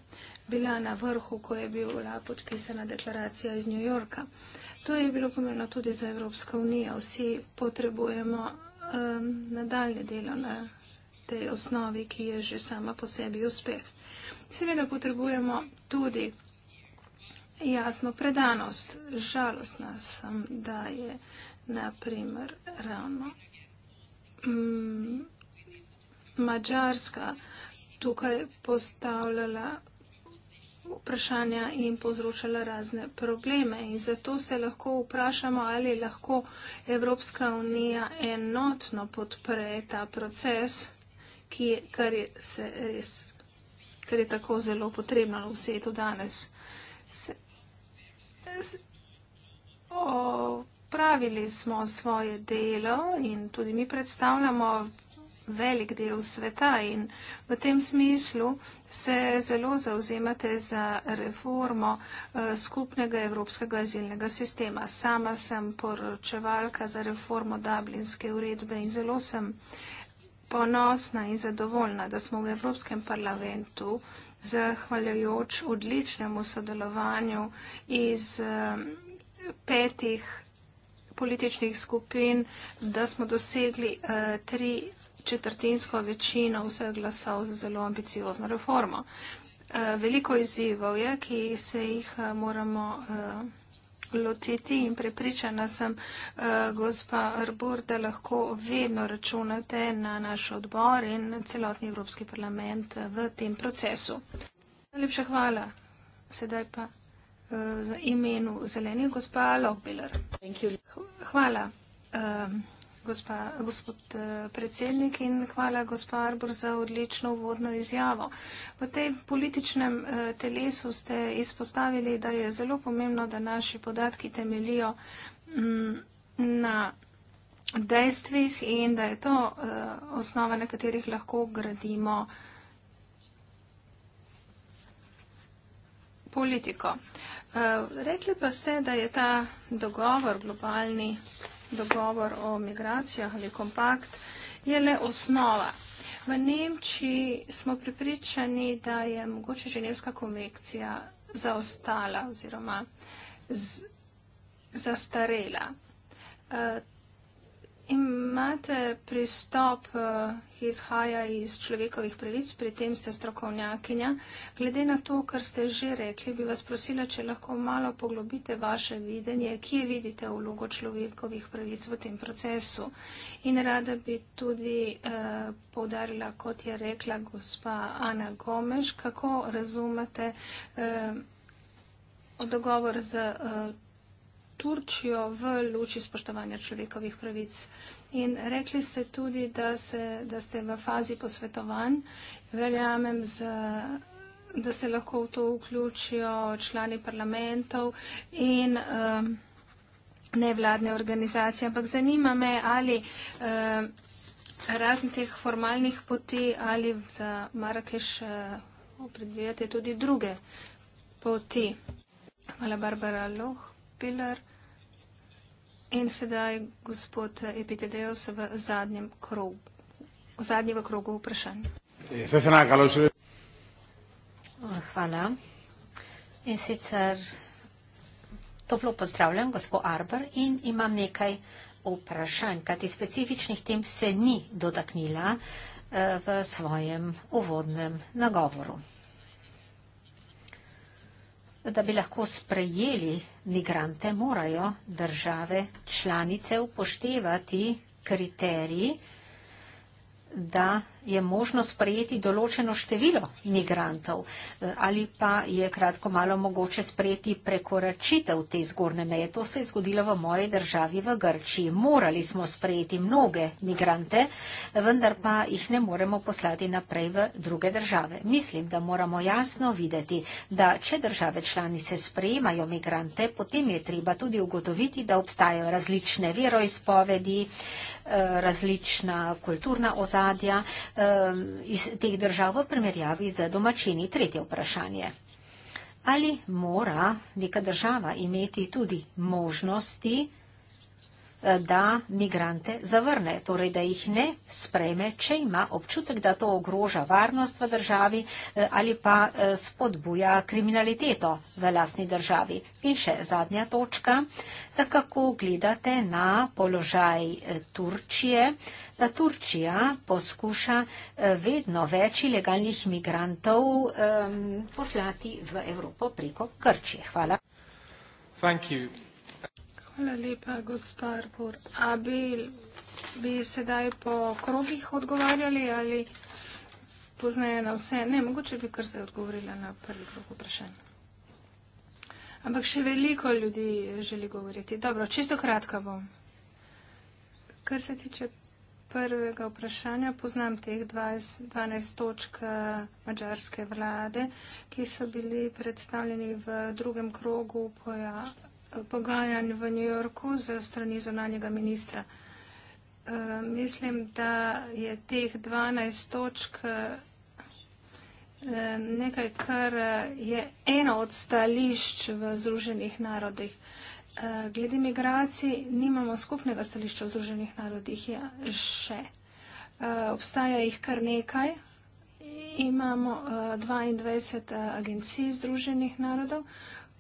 bila na vrhu, ko je bila podpisana deklaracija iz New Yorka. Eh, To je bilo pomembno tudi za Evropsko unijo. Vsi potrebujemo um, nadaljne delo na tej osnovi, ki je že sama po sebi uspeh. Seveda potrebujemo tudi jasno predanost. Žalostna sem, da je naprimer ravno mm, Mačarska tukaj postavljala vprašanja in povzročala razne probleme. In zato se lahko vprašamo, ali lahko Evropska unija enotno podpre ta proces, ki je, kar je, se res, kar je tako zelo potrebno v svetu danes. Se, s, o, Pravili smo svoje delo in tudi mi predstavljamo velik del sveta in v tem smislu se zelo zauzemate za reformo eh, skupnega evropskega azilnega sistema. Sama sem poročevalka za reformo Dublinske uredbe in zelo sem ponosna in zadovoljna, da smo v Evropskem parlamentu zahvaljujoč odličnemu sodelovanju iz eh, petih političnih skupin, da smo dosegli uh, tri četrtinsko večino vseh glasov za zelo ambiciozno reformo. Eh, veliko izzivov je, ki se jih eh, moramo eh, lotiti in prepričana sem, gospa Arbur, da lahko vedno računate na naš odbor in celotni Evropski parlament v tem procesu. Najlepša hvala. Sedaj pa v imenu zelenih gospa Lokbiller. Hvala. Um, gospa, gospod eh, predsednik in hvala gospa Arbor za odlično uvodno izjavo. V tej političnem eh, telesu ste izpostavili, da je zelo pomembno, da naši podatki temelijo mm, na dejstvih in da je to eh, osnova, na katerih lahko gradimo politiko. Rekli pa ste, da je ta dogovor globalni dogovor o migracijah ali kompakt, je le osnova. V Nemčiji smo pripričani, da je mogoče ženevska konvekcija zaostala oziroma z, zastarela. Uh, Imate pristop, eh, ki izhaja iz človekovih pravic, pri tem ste strokovnjakinja. Glede na to, kar ste že rekli, bi vas prosila, če lahko malo poglobite vaše videnje, kje vidite vlogo človekovih pravic v tem procesu. In rada bi tudi eh, povdarila, kot je rekla gospa Ana Gomeš, kako razumete eh, dogovor z. Eh, Turčijo v luči spoštovanja človekovih pravic. In rekli ste tudi, da, se, da ste v fazi posvetovanj. Verjamem, z, da se lahko v to vključijo člani parlamentov in um, nevladne organizacije. Ampak zanima me, ali um, razen teh formalnih poti ali za Marakeš uh, opredeljate tudi druge poti. Hvala, Barbara Loh. Pilar. In sedaj gospod Epitedeus v zadnjem krogu, zadnji v krogu vprašanj. Hvala. In sicer toplo pozdravljam gospod Arbor in imam nekaj vprašanj, kajti specifičnih tem se ni dotaknila eh, v svojem uvodnem nagovoru da bi lahko sprejeli migrante, morajo države članice upoštevati kriteriji, da je možno sprejeti določeno število migrantov eh, ali pa je kratko malo mogoče sprejeti prekoračitev te zgornje meje. To se je zgodilo v moji državi v Grčiji. Morali smo sprejeti mnoge migrante, vendar pa jih ne moremo poslati naprej v druge države. Mislim, da moramo jasno videti, da če države članice sprejemajo migrante, potem je treba tudi ugotoviti, da obstajajo različne veroizpovedi, eh, različna kulturna ozadja, um, iz teh držav v primerjavi z domačini. Tretje vprašanje. Ali mora neka država imeti tudi možnosti Eh, da migrante zavrne, torej da jih ne spreme, če ima občutek, da to ogroža varnost v državi eh, ali pa eh, spodbuja kriminaliteto v lasni državi. In še zadnja točka, kako gledate na položaj Turčije. Turčija poskuša vedno več ilegalnih migrantov poslati v Evropo preko Krčije. Hvala. Hvala lepa, gospa Arbor. A bi, bi sedaj po krogih odgovarjali ali poznaje na vse? Ne, mogoče bi kar zdaj odgovorila na prvi krog vprašanj. Ampak še veliko ljudi želi govoriti. Dobro, čisto kratka bom. Kar se tiče prvega vprašanja, poznam teh 20, 12 točk eh, mađarske vlade, ki so bili predstavljeni v drugem krogu poja, pogajanj v New Yorku za strani zunanjega ministra. Eh, mislim, da je teh 12 točk eh, nekaj, kar je eno od stališč v Združenih narodih. Eh, glede migracij nimamo skupnega stališča v Združenih narodih ja, še. Obstaja jih kar nekaj. Imamo 22 agencij Združenih narodov,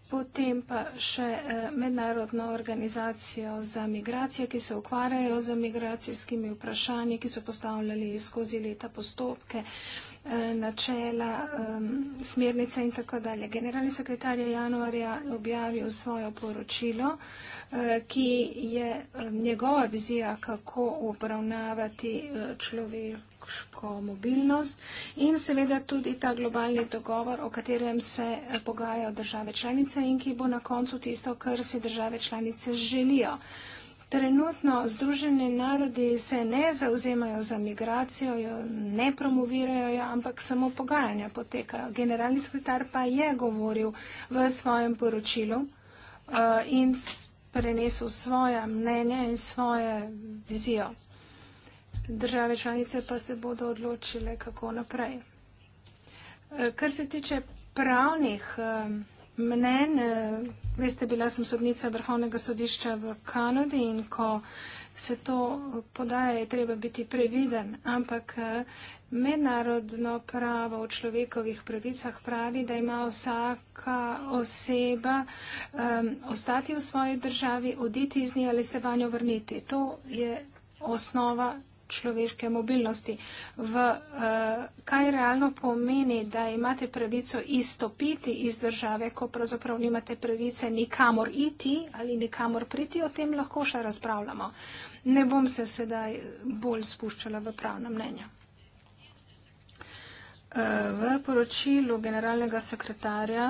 potem pa še eh, mednarodno organizacijo za migracije, ki se ukvarjajo z migracijskimi vprašanji, ki so postavljali skozi leta postopke, eh, načela, smernice in tako dalje. Generalni sekretar je januarja objavil svojo poročilo, eh, ki je njegova vizija, kako obravnavati človeka ekološko mobilnost in seveda tudi ta globalni dogovor, o katerem se eh, pogajajo države članice in ki bo na koncu tisto, kar si države članice želijo. Trenutno Združeni narodi se ne zauzemajo za migracijo, jo ne promovirajo, jo, ampak samo pogajanja potekajo. Generalni sekretar pa je govoril v svojem poročilu uh, in prenesel svoje mnenje in svoje vizijo. Države članice pa se bodo odločile, kako naprej. E, kar se tiče pravnih e, mnen, e, veste, bila sem sodnica Vrhovnega sodišča v Kanadi in ko se to podaja, je treba biti previden, ampak mednarodno pravo o človekovih pravicah pravi, da ima vsaka oseba um, ostati v svoji državi, oditi iz nje ali se vanjo vrniti. To je osnova človeške mobilnosti. V, eh, kaj realno pomeni, da imate pravico izstopiti iz države, ko pravzaprav nimate pravice nikamor iti ali nikamor priti, o tem lahko še razpravljamo. Ne bom se sedaj bolj spuščala v pravna mnenja. Eh, v poročilu generalnega sekretarja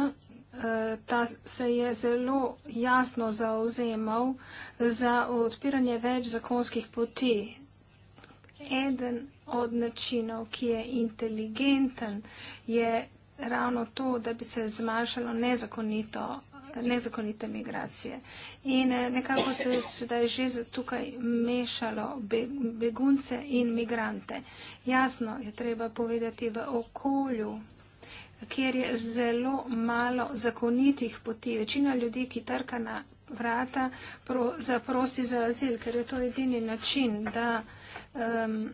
eh, ta se je zelo jasno zauzemal za odpiranje več zakonskih poti eden od načinov, ki je inteligenten, je ravno to, da bi se zmanjšalo nezakonito nezakonite migracije. In eh, nekako se je sedaj že tukaj mešalo begunce in migrante. Jasno je treba povedati v okolju, kjer je zelo malo zakonitih poti. Večina ljudi, ki trka na vrata, zaprosi za azil, ker je to edini način, da um,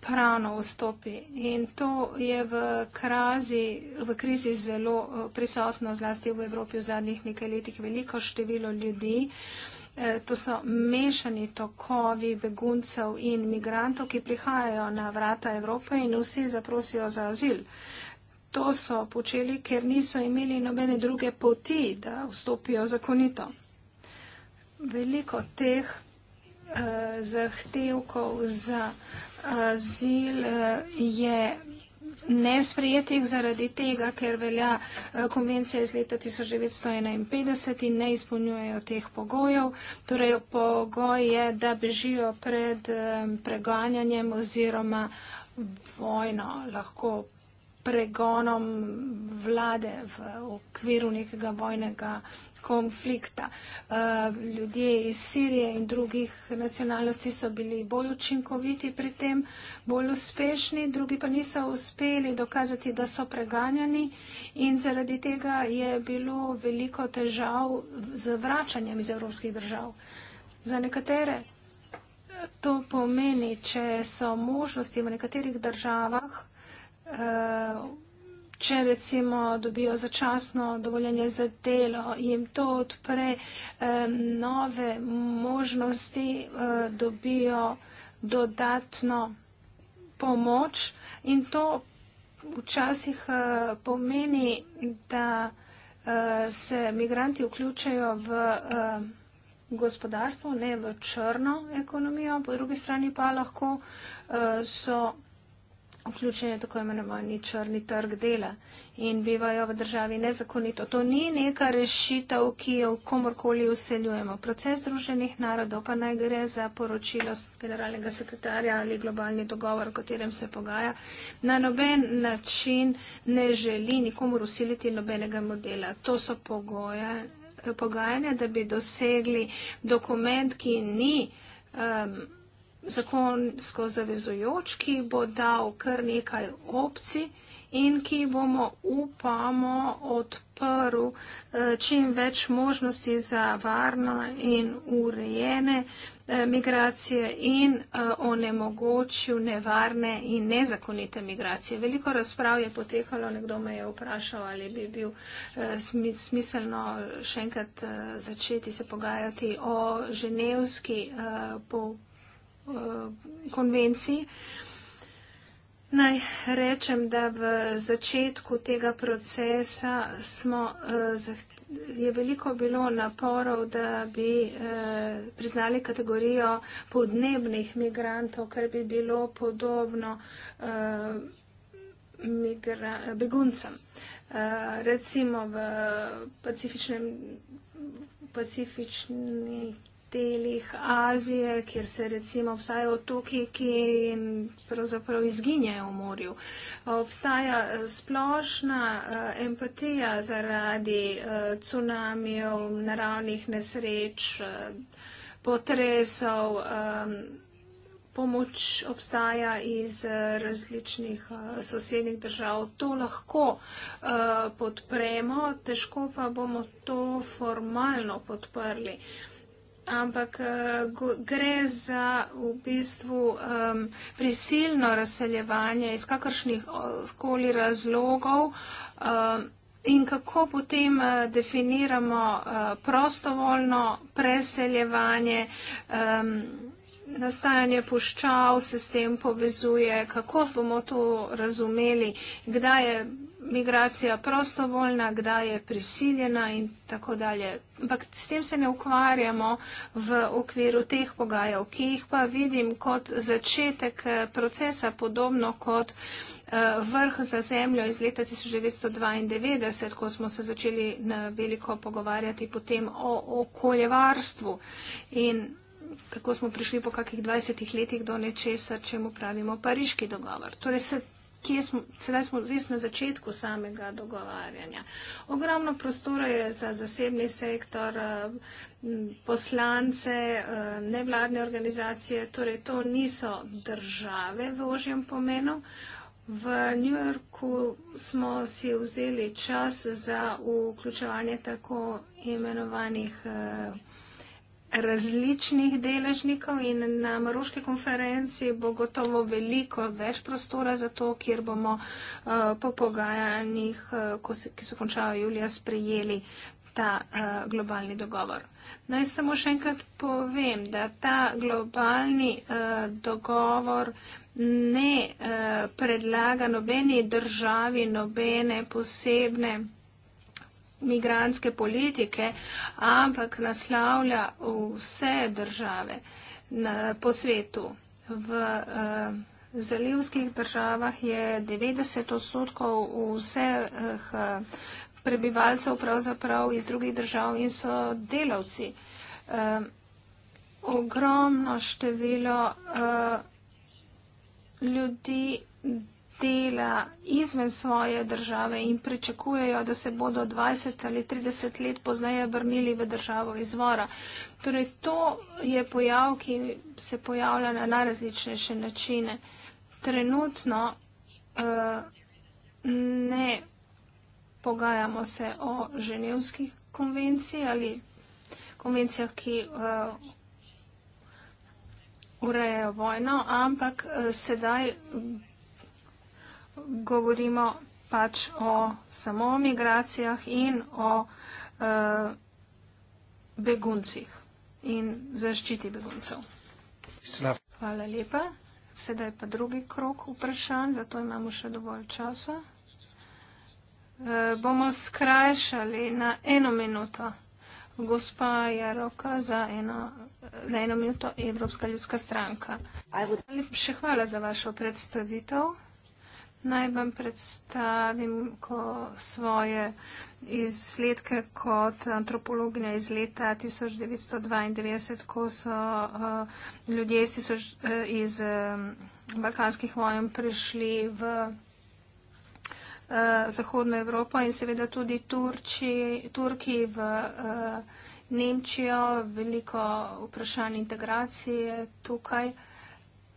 pravno vstopi. In to je v, krazi, v krizi zelo eh, prisotno, zlasti v Evropi v zadnjih nekaj letih, veliko število ljudi. Eh, to so mešani tokovi beguncev in migrantov, ki prihajajo na vrata Evrope in vsi zaprosijo za azil. To so počeli, ker niso imeli nobene druge poti, da vstopijo zakonito. Veliko teh Eh, zahtevkov za eh, azil eh, je nesprejetih zaradi tega, ker velja konvencija iz leta 1951 in ne izpolnjujejo teh pogojev. Torej, pogoj je, da bežijo pred preganjanjem oziroma vojno lahko pregonom vlade v okviru nekega vojnega konflikta. Eh, ljudje iz Sirije in drugih nacionalnosti so bili bolj učinkoviti pri tem, bolj uspešni, drugi pa niso uspeli dokazati, da so preganjani in zaradi tega je bilo veliko težav z vračanjem iz evropskih držav. Za nekatere eh, to pomeni, če so možnosti v nekaterih državah Eh, če recimo dobijo začasno dovoljenje za delo, jim to odpre eh, nove možnosti, eh, dobijo dodatno pomoč in to včasih pomeni, da se migranti vključajo v gospodarstvo, ne v črno ekonomijo, po drugi strani pa lahko so vključen je tako imenovani črni trg dela in bivajo v državi nezakonito. To ni neka rešitev, ki jo komorkoli useljujemo. Proces Združenih narodov pa naj gre za poročilo generalnega sekretarja ali globalni dogovor, o katerem se pogaja. Na noben način ne želi nikomu usiliti nobenega modela. To so pogoje, pogajanja, da bi dosegli dokument, ki ni. Um, zakonsko zavezujoč, ki bo dal kar nekaj opcij in ki bomo upamo odprl eh, čim več možnosti za varno in urejene eh, migracije in eh, onemogočil nevarne in nezakonite migracije. Veliko razprav je potekalo, nekdo me je vprašal, ali bi bil smiselno še enkrat začeti se pogajati o ženevski povprašanju Eh, konvenciji. Naj rečem, da v začetku tega procesa smo, eh, je veliko bilo naporov, da bi eh, priznali kategorijo podnebnih migrantov, ker bi bilo podobno migra, beguncem. Recimo v pacifičnih delih Azije, kjer se recimo obstajajo otoki, ki pravzaprav izginjajo v morju. Obstaja eh, splošna eh, empatija zaradi eh, cunamijev, naravnih nesreč, potresov. Pomoč obstaja iz različnih sosednjih držav. To lahko podpremo, težko pa bomo to formalno podprli ampak eh, gre za v bistvu um, prisilno razseljevanje iz kakršnih koli razlogov um, in kako potem eh, definiramo uh, prostovoljno preseljevanje. Um, Nastajanje puščav se s tem povezuje, kako bomo to razumeli, kdaj je migracija prostovoljna, kdaj je prisiljena in tako dalje. Ampak s tem se ne ukvarjamo v okviru teh pogajev, ki jih pa vidim kot začetek eh, procesa, podobno kot eh, vrh za zemljo iz leta 1992, ko smo se začeli eh, veliko pogovarjati potem o okoljevarstvu. In tako smo prišli po kakih 20 letih do nečesa, čemu pravimo pariški dogovor. Torej se kje smo, sedaj smo res na začetku samega dogovarjanja. Ogromno prostora je za zasebni sektor, eh, poslance, eh, nevladne organizacije, torej to niso države v ožjem pomenu. V New Yorku smo si vzeli čas za vključevanje tako imenovanih. Eh, različnih deležnikov in na Maroški konferenci bo gotovo veliko več prostora za to, kjer bomo eh, po pogajanjih, eh, ki so končala julija, sprejeli ta eh, globalni dogovor. Naj samo še enkrat povem, da ta globalni dogovor ne predlaga nobeni državi, nobene posebne migranske politike, ampak naslavlja vse države na, po svetu. V uh, zalivskih državah je 90 odstotkov vseh uh, prebivalcev pravzaprav iz drugih držav in so delavci. Uh, ogromno število uh, ljudi dela izven svoje države in pričakujejo, da se bodo 20 ali 30 let pozneje vrnili v državo izvora. Torej, to je pojav, ki se pojavlja na najrazličnejše načine. Trenutno uh, ne pogajamo se o ženevskih konvencijah ali konvencijah, ki. Uh, urejajo vojno, ampak eh, sedaj govorimo pač o samo migracijah in o uh, beguncih in zaščiti beguncev. Hvala lepa. Sedaj pa drugi krok vprašanj, zato imamo še dovolj časa. Uh, bomo skrajšali na eno minuto. Gospa Jaroka za eno, za eno minuto Evropska ljudska stranka. Še hvala za vašo predstavitev. Naj vam predstavim svoje izsledke kot antropologinja iz leta 1992, ko so uh, ljudje tisoč, uh, iz uh, Balkanskih vojn prišli v uh, Zahodno Evropo in seveda tudi Turči, Turki v uh, Nemčijo. Veliko vprašanj integracije tukaj.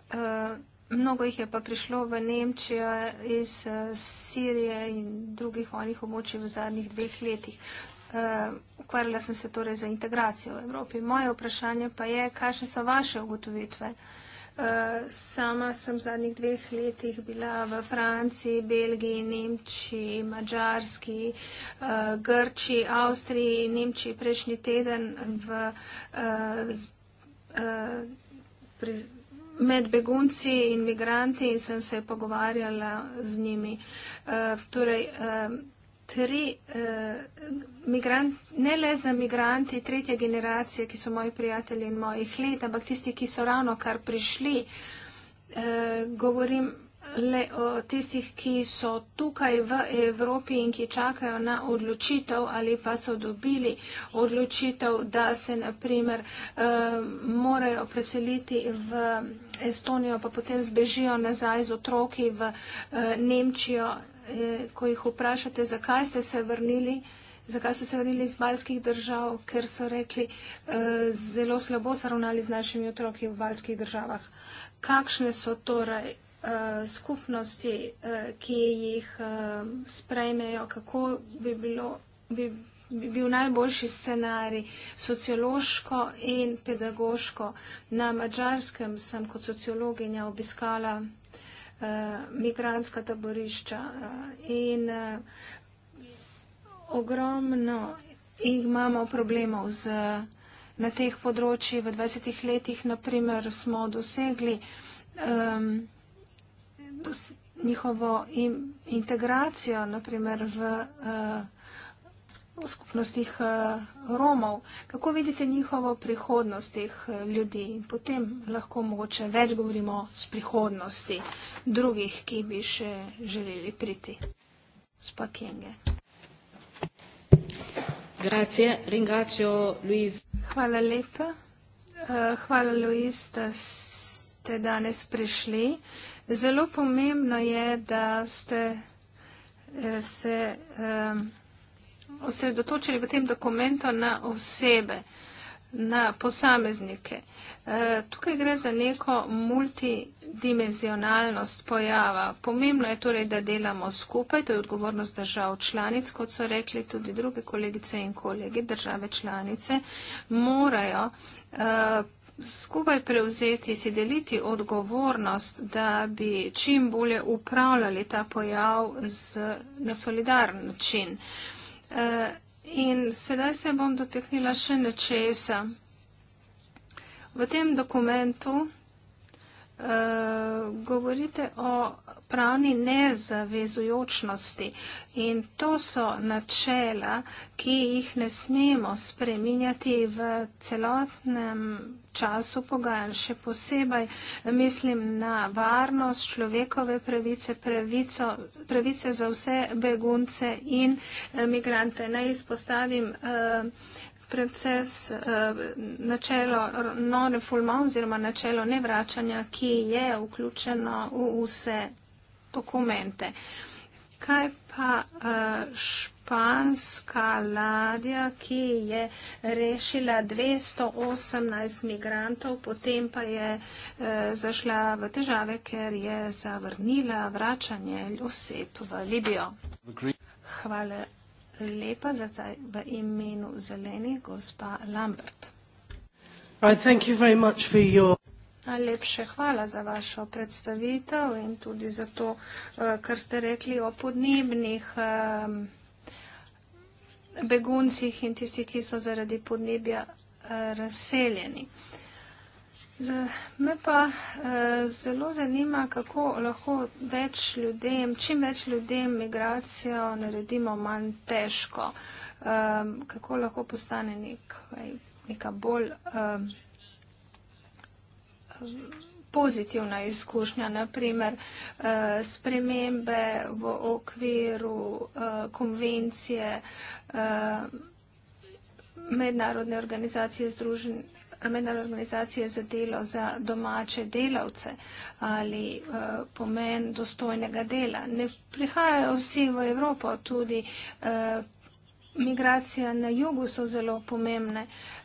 Uh, Mnogo jih je pa prišlo v Nemčijo iz eh, Sirije in drugih vojnih območij v zadnjih dveh letih. Eh, ukvarjala sem se torej za integracijo v Evropi. Moje vprašanje pa je, kakšne so vaše ugotovitve? Eh, sama sem v zadnjih dveh letih bila v Franciji, Belgiji, Nemčiji, Mačarski, Grčiji, Avstriji, Nemčiji prejšnji teden v, pri, med begunci in migranti in sem se pogovarjala z njimi. Uh, torej, uh, tri, uh, migrant, ne le za migranti tretje generacije, ki so moji prijatelji in mojih let, ampak tisti, ki so ravno kar prišli, uh, govorim le o tistih, ki so tukaj v Evropi in ki čakajo na odločitev ali pa so dobili odločitev, da se naprimer eh, morajo preseliti v Estonijo, pa potem zbežijo nazaj z otroki v eh, Nemčijo, eh, ko jih vprašate, zakaj ste se vrnili. Zakaj so se vrnili iz balskih držav, ker so rekli, eh, zelo slabo se ravnali z našimi otroki v balskih državah. Kakšne so torej Eh, skupnosti, eh, ki jih eh, sprejmejo, kako bi, bilo, bi, bi bil najboljši scenarij sociološko in pedagoško. Na mačarskem sem kot sociologinja obiskala migranska taborišča in ogromno jih imamo problemov z, na teh področjih. V 20 letih, naprimer, smo dosegli um, s njihovo in, integracijo, naprimer v, eh, v skupnostih eh, Romov, kako vidite njihovo prihodnost teh eh, ljudi in potem lahko mogoče več govorimo s prihodnosti drugih, ki bi še želeli priti. Gospa Kenge. Hvala lepa. Hvala, Luiz, da ste danes prišli. Zelo pomembno je, da ste eh, se um, osredotočili v tem dokumentu na osebe, na posameznike. Eh, tukaj gre za neko multidimenzionalnost pojava. Pomembno je torej, da delamo skupaj, to je odgovornost držav članic, kot so rekli tudi druge kolegice in kolege, države članice morajo uh, skupaj prevzeti, si deliti odgovornost, da bi čim bolje upravljali ta pojav z, na solidaren način. E, in sedaj se bom dotaknila še nečesa. V tem dokumentu e, govorite o pravni nezavezujočnosti in to so načela, ki jih ne smemo spreminjati v celotnem času pogajanj, še posebej mislim na varnost, človekove pravice, pravico, pravice za vse begunce in eh, migrante. Naj izpostavim eh, proces eh, načelo non-refoulement oziroma načelo nevračanja, ki je vključeno v vse dokumente. Kaj pa uh, španska ladja, ki je rešila 218 migrantov, potem pa je uh, zašla v težave, ker je zavrnila vračanje oseb v Libijo. Hvala lepa za taj v imenu zelenih, gospa Lambert. Right, thank you very much for your Najlepše hvala za vašo predstavitev in tudi za to, eh, kar ste rekli o podnebnih beguncih in tistih, ki so zaradi podnebja eh, razseljeni. Me pa eh, zelo zanima, kako lahko več ljudem, čim več ljudem migracijo naredimo manj težko, kako lahko postane nek, neka bolj pozitivna izkušnja, naprimer eh, spremembe v okviru eh, konvencije eh, mednarodne organizacije združen mednarodne organizacije za delo za domače delavce ali uh, pomen dostojnega dela. Ne prihajajo vsi v Evropo, tudi uh, migracija na jugu so zelo pomembne uh,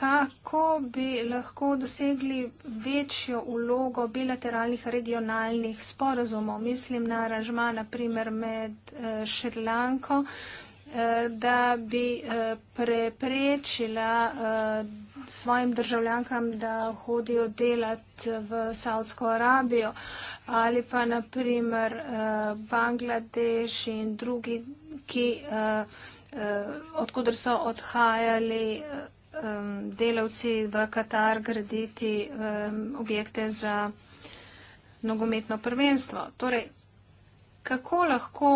kako bi lahko dosegli večjo ulogo bilateralnih regionalnih sporazumov. Mislim na aranžma, naprimer, med uh, Šrilanko, uh, da bi uh, preprečila uh, svojim državljankam, da hodijo delat v Saudsko Arabijo ali pa naprimer uh, Bangladeš in drugi, ki, uh, uh, odkudr so odhajali. Uh, um, delavci v Katar graditi um, objekte za nogometno prvenstvo. Torej, kako lahko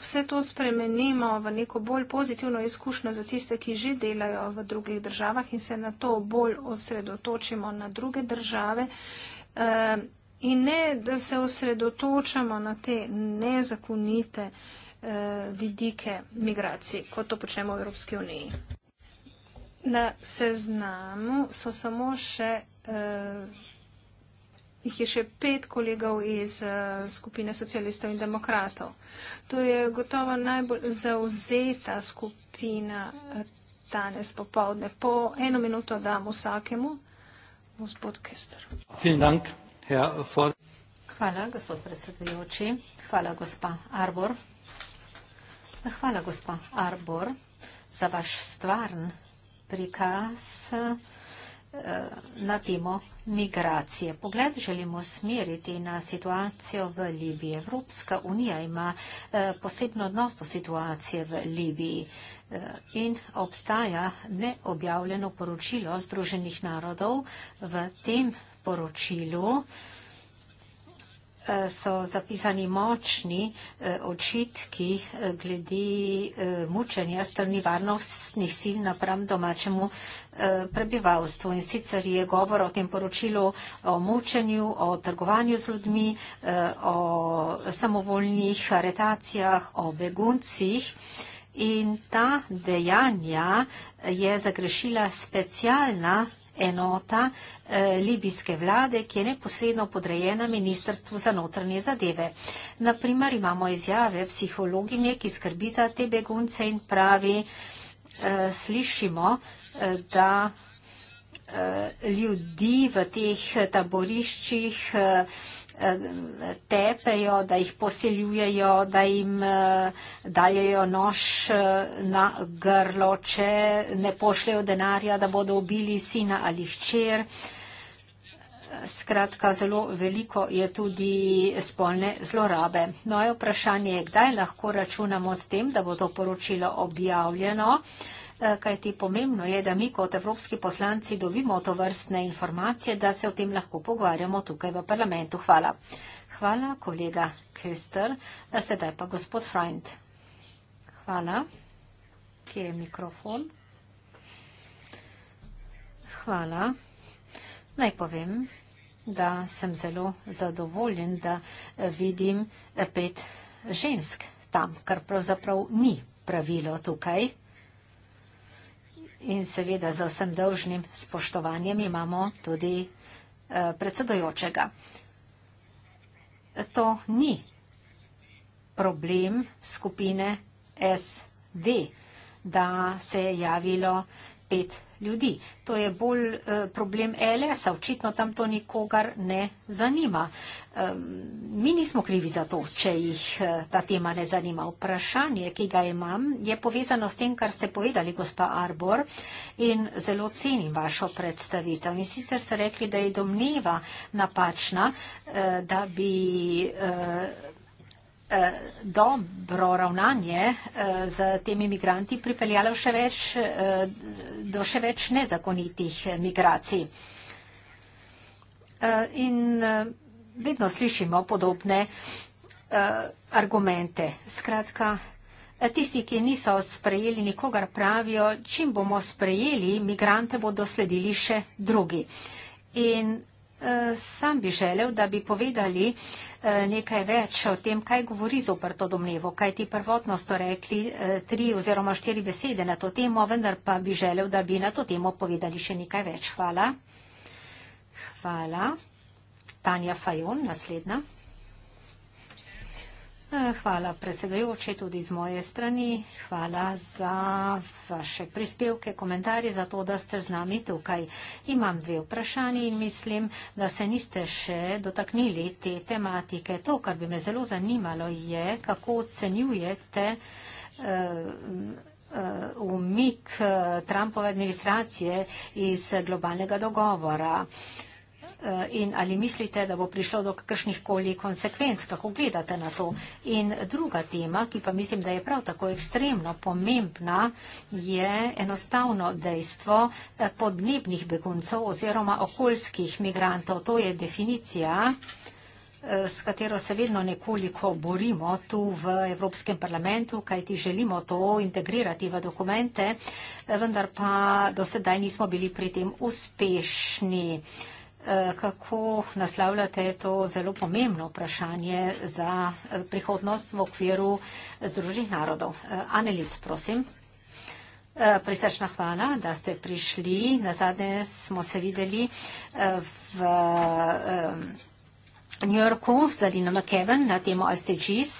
vse to spremenimo v neko bolj pozitivno izkušnjo za tiste, ki že delajo v drugih državah in se na to bolj osredotočimo na druge države. Um, in ne, da se osredotočamo na te nezakonite eh, vidike migracij, kot to počnemo v Evropski uniji na seznamu so samo še, uh, jih je še pet kolegov iz uh, skupine socialistov in demokratov. To je gotovo najbolj zauzeta skupina eh, danes popovdne. Po eno minuto dam vsakemu, gospod Kester. Hvala, gospod predsedujoči. Hvala, gospa Arbor. Hvala, gospa Arbor, za vaš stvarn prikaz eh, na temo migracije. Pogled želimo smeriti na situacijo v Libiji. Evropska unija ima eh, posebno odnos do situacije v Libiji eh, in obstaja neobjavljeno poročilo Združenih narodov v tem poročilu, Eh, so zapisani močni eh, očitki eh, glede mučenja strani varnostnih sil napram domačemu prebivalstvu. In sicer je govor o tem poročilu o mučenju, o trgovanju z ljudmi, o samovoljnih aretacijah, o beguncih. In ta dejanja je zagrešila specialna enota e, libijske vlade, ki je neposredno podrejena ministrstvu za notranje zadeve. Naprimer, imamo izjave psihologinje, ki skrbi za te begunce in pravi, e, slišimo, e, da e, ljudi v teh taboriščih e, tepejo, da jih poseljujejo, da jim eh, dajejo nož eh, na grlo, če ne pošljajo denarja, da bodo ubili sina ali hčer. Skratka, zelo veliko je tudi spolne zlorabe. No je vprašanje, kdaj lahko računamo s tem, da bo to poročilo objavljeno. Eh, kajti pomembno je, da mi kot evropski poslanci dobimo to vrstne informacije, da se o tem lahko pogovarjamo tukaj v parlamentu. Hvala. Hvala, kolega Köster. Eh, sedaj pa gospod Freund. Hvala. Kje je mikrofon? Hvala. Naj povem, da sem zelo zadovoljen, da eh, vidim pet žensk tam, kar pravzaprav ni pravilo tukaj in seveda za vsem dolžnim spoštovanjem imamo tudi eh, predsedojočega. To ni problem skupine SV, da se je javilo pet ljudi. To je bolj eh, problem LS-a, očitno tam to nikogar ne zanima. Mi nismo krivi za to, če jih eh, ta tema ne zanima. Vprašanje, ki ga imam, je povezano s tem, kar ste povedali, gospa Arbor, in zelo cenim vašo predstavitev. In sicer ste rekli, da je domneva napačna, eh, da bi Eh, dobro ravnanje eh, z temi migranti pripeljalo še več, eh, do še več nezakonitih migracij. In vedno slišimo podobne argumente. Skratka, tisti, ki niso sprejeli nikogar, pravijo, čim bomo sprejeli, migrante bodo sledili še drugi. In Sam bi želel, da bi povedali eh, nekaj več o tem, kaj govori zopr to domnevo, kaj ti prvotno sto rekli eh, tri oziroma štiri besede na to temo, vendar pa bi želel, da bi na to temo povedali še nekaj več. Hvala. Hvala. Tanja Fajon, naslednja. Eh, hvala predsedajoče tudi z moje strani. Hvala za vaše prispevke, komentarje, za to, da ste z nami tukaj. Imam dve vprašanje in mislim, da se niste še dotaknili te tematike. To, kar bi me zelo zanimalo, je, kako ocenjujete eh, eh, umik Trumpove administracije iz globalnega dogovora. Eh, in ali mislite, da bo prišlo do kakršnih koli konsekvenc, kako gledate na to. In druga tema, ki pa mislim, da je prav tako ekstremno pomembna, je enostavno dejstvo eh, podnebnih beguncev oziroma okoljskih migrantov. To je definicija eh, s katero se vedno nekoliko borimo tu v Evropskem parlamentu, kajti želimo to integrirati v dokumente, vendar pa do sedaj nismo bili pri tem uspešni. Uh, Eh, kako naslavljate to zelo pomembno vprašanje za eh, prihodnost v okviru Združenih narodov. Eh, Anelic, prosim. Prisrčna hvala, da ste prišli. Nazadnje smo se videli v New Yorku z Alino McKeven na temo SDGs.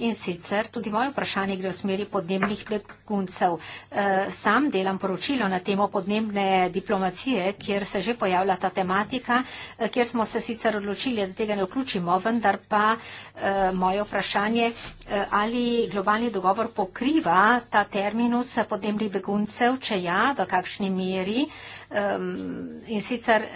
In sicer tudi moje vprašanje gre v smeri podnebnih beguncev. E, sam delam poročilo na temo podnebne diplomacije, kjer se že pojavlja ta tematika, e, kjer smo se sicer odločili, da tega ne vključimo, vendar pa e, moje vprašanje, ali globalni dogovor pokriva ta terminus podnebnih beguncev, če ja, v kakšni meri. In sicer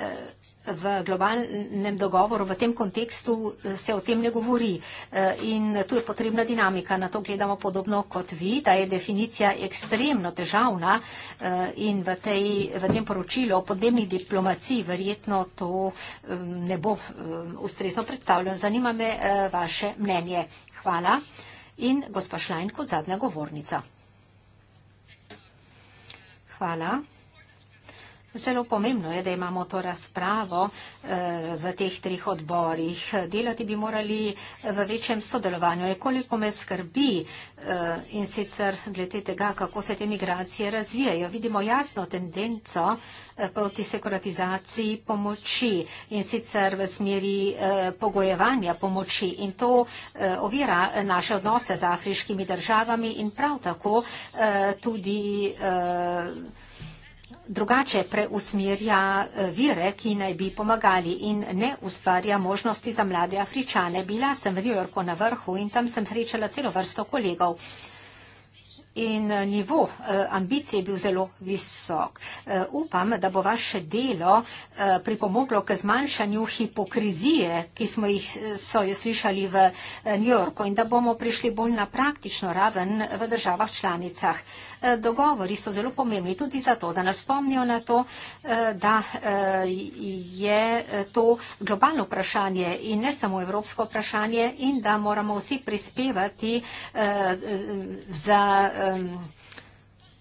v globalnem dogovoru, v tem kontekstu eh, se o tem ne govori. Eh, in tu je potrebna dinamika. Na to gledamo podobno kot vi, da je definicija ekstremno težavna eh, in v, tej, v tem poročilu o podnebni diplomaciji verjetno to ne bo ustrezno predstavljeno. Zanima me vaše mnenje. Hvala. In gospa Šlajn kot zadnja govornica. Hvala. Zelo pomembno je, da imamo to razpravo eh, v teh treh odborih. Delati bi morali eh, v večjem sodelovanju. Koliko me skrbi eh, in sicer glede tega, kako se te migracije razvijajo. Vidimo jasno tendenco proti sekuratizaciji pomoči in sicer v smeri pogojevanja pomoči in to ovira naše odnose z afriškimi državami in prav tako tudi drugače preusmerja eh, vire, ki naj bi pomagali in ne ustvarja možnosti za mlade Afričane. Bila sem v New Yorku na vrhu in tam sem srečala celo vrsto kolegov in eh, nivo eh, ambicij je bil zelo visok. Eh, upam, da bo vaše delo pripomoglo k zmanjšanju hipokrizije, ki smo jih so jo slišali v New Yorku in da bomo prišli bolj na praktično raven v državah članicah. Dogovori so zelo pomembni tudi zato, da nas spomnijo na to, da je to globalno vprašanje in ne samo evropsko vprašanje in da moramo vsi prispevati za um,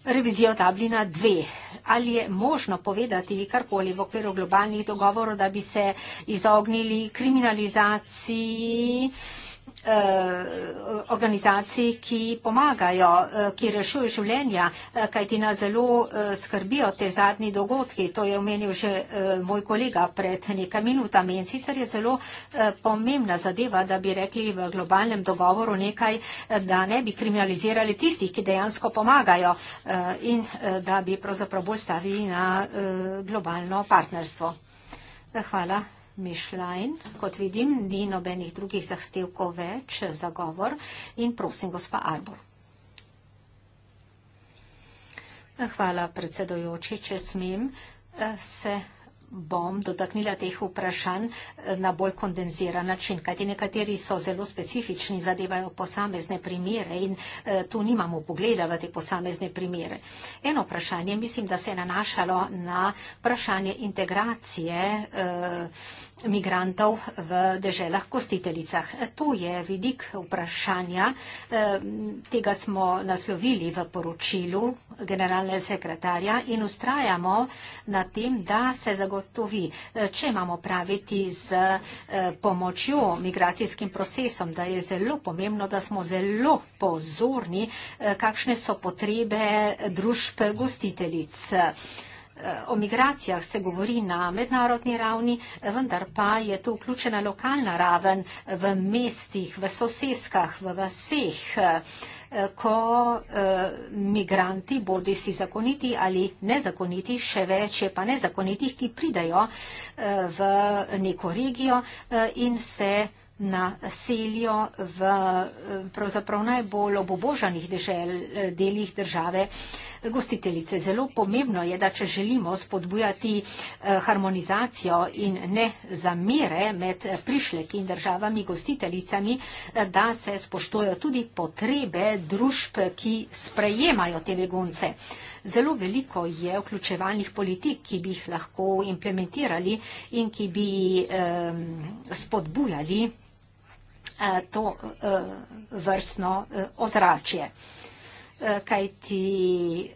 revizijo Dublina 2. Ali je možno povedati karkoli v okviru globalnih dogovorov, da bi se izognili kriminalizaciji? Eh, organizacij, ki pomagajo, eh, ki rešujo življenja, eh, kajti nas zelo skrbijo te zadnji dogodki. To je omenil že moj kolega pred nekaj minutami. In sicer je zelo pomembna zadeva, da bi rekli v globalnem dogovoru nekaj, da ne bi kriminalizirali tistih, ki dejansko pomagajo in da bi pravzaprav bolj stavili na globalno partnerstvo. Hvala. Mišlajn. Kot vidim, ni nobenih drugih zahtevkov več za govor in prosim gospa Arbor. Hvala predsedojoči, če smem se bom dotaknila teh vprašanj na bolj kondenziran način, kajti nekateri so zelo specifični, zadevajo posamezne primere in eh, tu nimamo pogleda v te posamezne primere. Eno vprašanje mislim, da se je nanašalo na vprašanje integracije eh, migrantov v deželah gostiteljicah. To je vidik vprašanja, eh, tega smo naslovili v poročilu generalne sekretarja in ustrajamo na tem, da se zagotovi, eh, če imamo praviti z eh, pomočjo migracijskim procesom, da je zelo pomembno, da smo zelo pozorni, kakšne so potrebe družb gostiteljic. Eh, o migracijah se govori na mednarodni ravni, vendar pa je to vključena lokalna raven v mestih, v soseskah, v vseh, eh, ko eh, migranti, bodi si zakoniti ali nezakoniti, še več je pa nezakonitih, ki pridajo v neko regijo in se vsega naselijo v eh, pravzaprav najbolj obobožanih dežel, eh, delih države gostiteljice. Zelo pomembno je, da če želimo spodbujati eh, harmonizacijo in ne zamire med prišleki in državami gostiteljicami, da se spoštojo tudi potrebe družb, ki sprejemajo te begunce. Zelo veliko je vključevalnih politik, ki bi jih lahko implementirali in ki bi um, spodbujali Eh, to eh, vrstno eh, ozračje. Kajti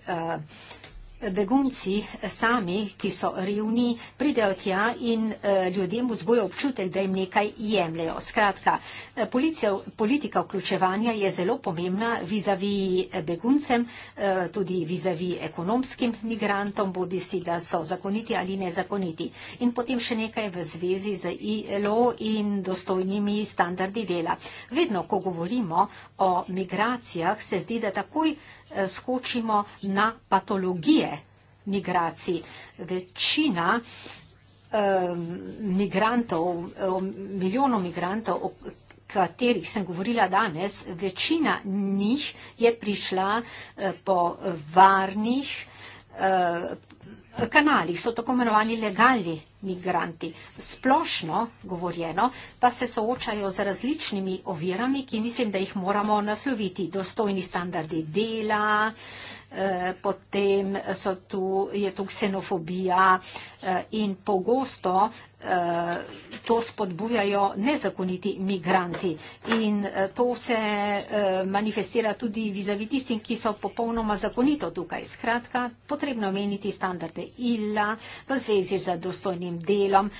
begunci sami, ki so revni, pridejo tja in eh, ljudem vzbojo občutek, da jim nekaj jemljajo. Skratka, eh, policija, politika vključevanja je zelo pomembna vizavi eh, beguncem, tudi vizavi ekonomskim migrantom, bodi si, da so zakoniti ali nezakoniti. In potem še nekaj v zvezi z ILO in dostojnimi standardi dela. Vedno, ko govorimo o migracijah, se zdi, da takoj skočimo na patologije migracij. Večina migrantov, milijonov migrantov, o katerih sem govorila danes, večina njih je prišla eh, po varnih eh, Kanali so tako imenovani legalni migranti. Splošno govorjeno pa se soočajo z različnimi ovirami, ki mislim, da jih moramo nasloviti. Dostojni standardi dela, uh, Eh, potem so tu, je tu ksenofobija eh, in pogosto eh, to spodbujajo nezakoniti migranti. In to se manifestira tudi vizavi tistim, ki so popolnoma zakonito tukaj. Skratka, potrebno meniti standarde ILA v zvezi z dostojnim delom,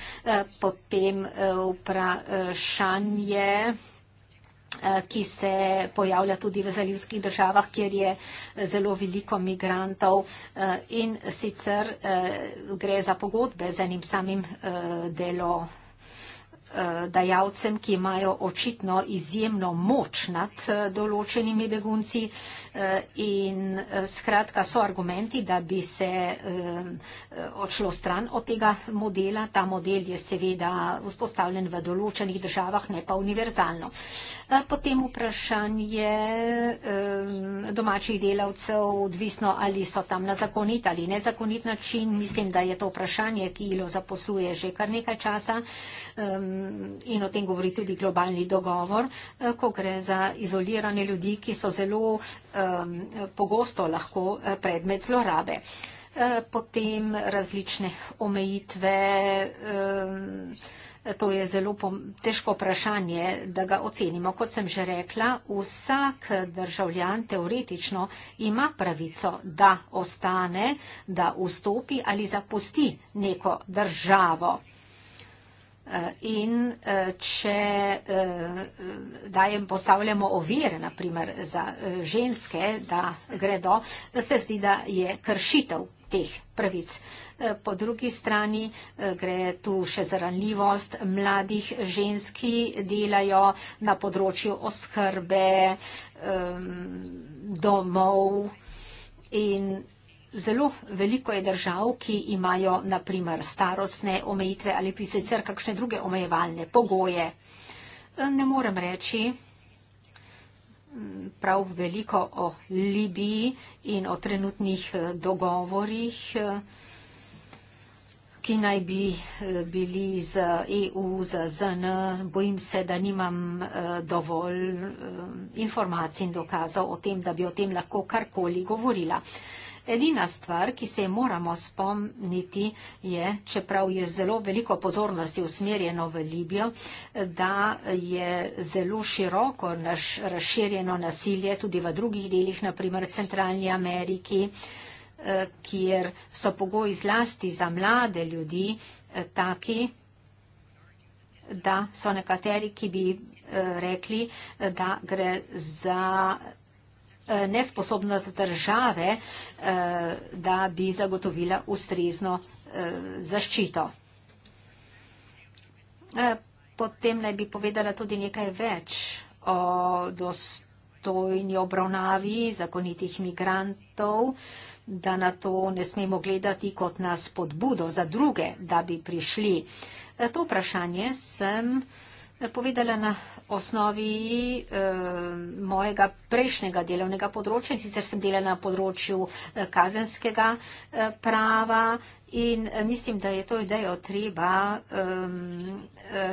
potem vprašanje. Eh, ki se pojavlja tudi v zalivskih državah, kjer je eh, zelo veliko migrantov eh, in sicer gre za pogodbe z enim samim delo dajalcem, ki imajo očitno izjemno moč nad eh, določenimi begunci eh, in eh, skratka so argumenti, da bi se odšlo stran od tega modela. Ta model je seveda vzpostavljen v določenih državah, ne pa univerzalno. Potem vprašanje domačih delavcev, odvisno ali so tam na zakonit ali nezakonit način. Mislim, da je to vprašanje, ki ilo zaposluje že kar nekaj časa. Um, Mm, in o tem govori tudi globalni dogovor, eh, ko gre za izolirane ljudi, ki so zelo um, pogosto lahko eh, predmet zlorabe. Eh, potem različne omejitve, to je zelo težko vprašanje, da ga ocenimo. Kot sem že rekla, vsak državljan teoretično ima pravico, da ostane, da vstopi ali zapusti neko državo. Eh, in eh, če eh, da jim postavljamo ovire, naprimer za ženske, da gredo, se zdi, da je kršitev teh pravic. Po drugi strani gre tu še za ranljivost mladih žensk, ki delajo na področju oskrbe domov in zelo veliko je držav, ki imajo naprimer starostne omejitve ali pa sicer kakšne druge omejevalne pogoje. Ne morem reči mm, prav veliko o Libiji in o trenutnih eh, dogovorih, eh, ki naj bi eh, bili z EU, z ZN. Bojim se, da nimam dovolj informacij in dokazov o tem, da bi o tem lahko karkoli govorila. Edina stvar, ki se je moramo spomniti, je, čeprav je zelo veliko pozornosti usmerjeno v Libijo, da je zelo široko naš razširjeno nasilje tudi v drugih delih, naprimer v Centralni Ameriki, eh, kjer so pogoji zlasti za mlade ljudi eh, taki, da so nekateri, ki bi eh, rekli, da gre za Eh, nesposobnost države, eh, da bi zagotovila ustrezno eh, zaščito. Potem naj bi povedala tudi nekaj več o dostojni obravnavi zakonitih migrantov, da na to ne smemo gledati kot na spodbudo za druge, da bi prišli. To vprašanje sem povedala povedala na osnovi eh, mojega prejšnjega delovnega področja in sicer sem delala na področju eh, kazenskega eh, prava in eh, mislim, da je to idejo treba eh,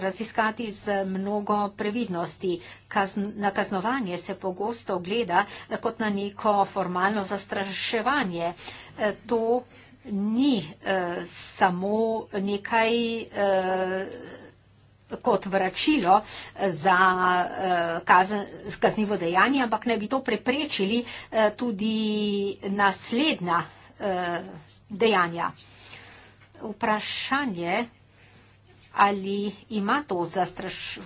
raziskati z mnogo previdnosti. Kazn nakaznovanje se pogosto gleda eh, kot na neko formalno zastraševanje. Eh, to ni eh, samo nekaj. Eh, kot vračilo za eh, kazen, kaznivo dejanje, ampak ne bi to preprečili eh, tudi naslednja eh, dejanja. Vprašanje, ali ima to zastraš,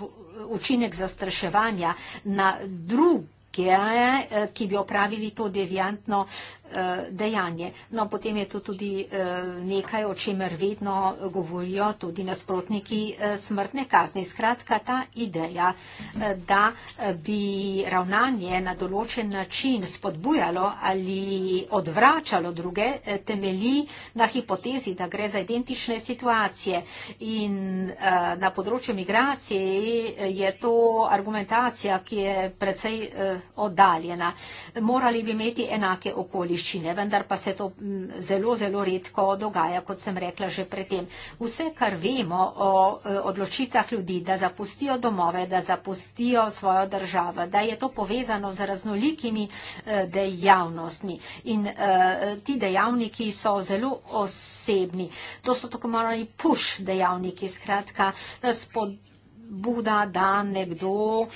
učinek zastraševanja na druge, ki bi opravili to deviantno Eh, dejanje. No, potem je to tudi eh, nekaj, o čemer vedno govorijo tudi nasprotniki eh, smrtne kazni. Skratka, ta ideja, da bi ravnanje na določen način spodbujalo ali odvračalo druge, temelji na hipotezi, da gre za identične situacije. In na področju migracije je to argumentacija, ki je precej oddaljena. Morali bi imeti enake okoliščine nepremičnine, vendar pa se to mm, zelo, zelo redko dogaja, kot sem rekla že predtem. Vse, kar vemo o e, odločitah ljudi, da zapustijo domove, da zapustijo svojo državo, da je to povezano z raznolikimi e, dejavnostmi in e, ti dejavniki so zelo osebni. To so tako morali push dejavniki, skratka, spodbuda, da nekdo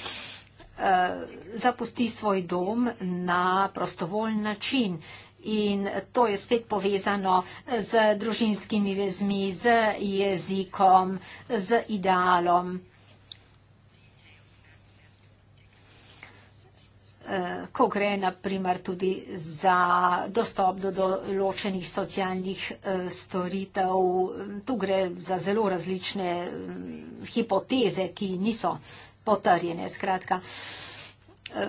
Eh, zapusti svoj dom na prostovoljen način. In to je spet povezano z družinskimi vezmi, z jezikom, z idealom. Eh, ko gre naprimer tudi za dostop do določenih socialnih eh, storitev. Tu gre za zelo različne hm, hipoteze, ki niso potrjene. Skratka,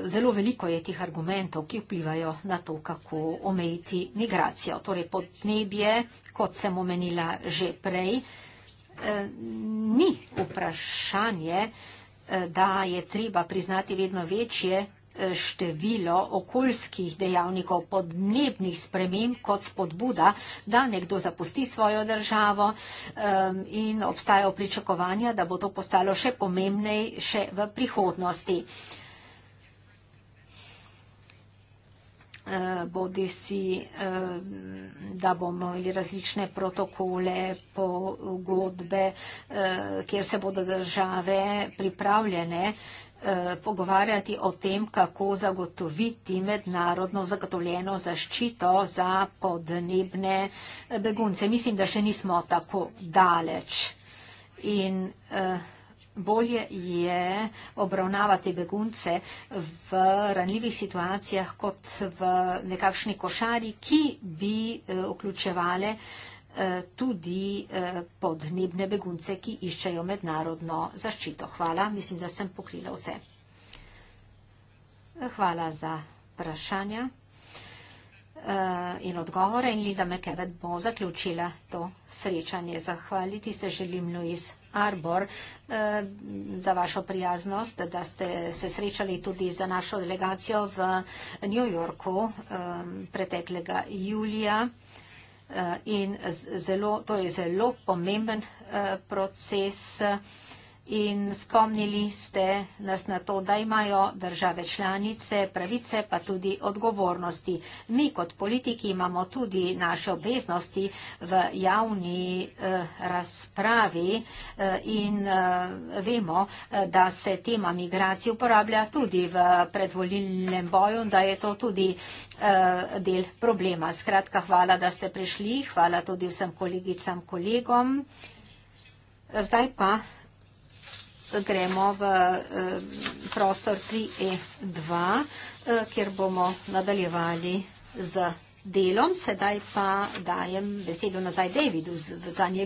zelo veliko je tih argumentov, ki vplivajo na to, kako omejiti migracijo. Torej, podnebje, kot sem omenila že prej, eh, ni vprašanje, eh, da je treba priznati vedno večje število okoljskih dejavnikov podnebnih sprememb kot spodbuda, da nekdo zapusti svojo državo um, in obstaja pričakovanja, da bo to postalo še pomembnejše v prihodnosti. Eh, bodi si, da bomo imeli različne protokole, pogodbe, eh, kjer se bodo države pripravljene Eh, pogovarjati o tem, kako zagotoviti mednarodno zagotovljeno zaščito za podnebne eh, begunce. Mislim, da še nismo tako daleč. In eh, bolje je obravnavati begunce v ranljivih situacijah kot v nekakšni košari, ki bi vključevale Eh, tudi eh, podnebne begunce, ki iščejo mednarodno zaščito. Hvala, mislim, da sem pokrila vse. Eh, hvala za vprašanja in odgovore in Lida Mekevet bo zaključila to srečanje. Zahvaliti se želim Luis Arbor za vašo prijaznost, da ste se srečali tudi za našo delegacijo v New Yorku preteklega julija. Eh, in zelo, to je zelo pomemben eh, proces, in spomnili ste nas na to, da imajo države članice pravice pa tudi odgovornosti. Mi kot politiki imamo tudi naše obveznosti v javni eh, razpravi eh, in eh, vemo, eh, da se tema migracij uporablja tudi v predvolilnem boju in da je to tudi eh, del problema. Skratka, hvala, da ste prišli, hvala tudi vsem kolegicam, kolegom. Zdaj pa gremo v eh, prostor 3E2, eh, kjer bomo nadaljevali z delom. Sedaj pa dajem besedo nazaj Davidu za njega.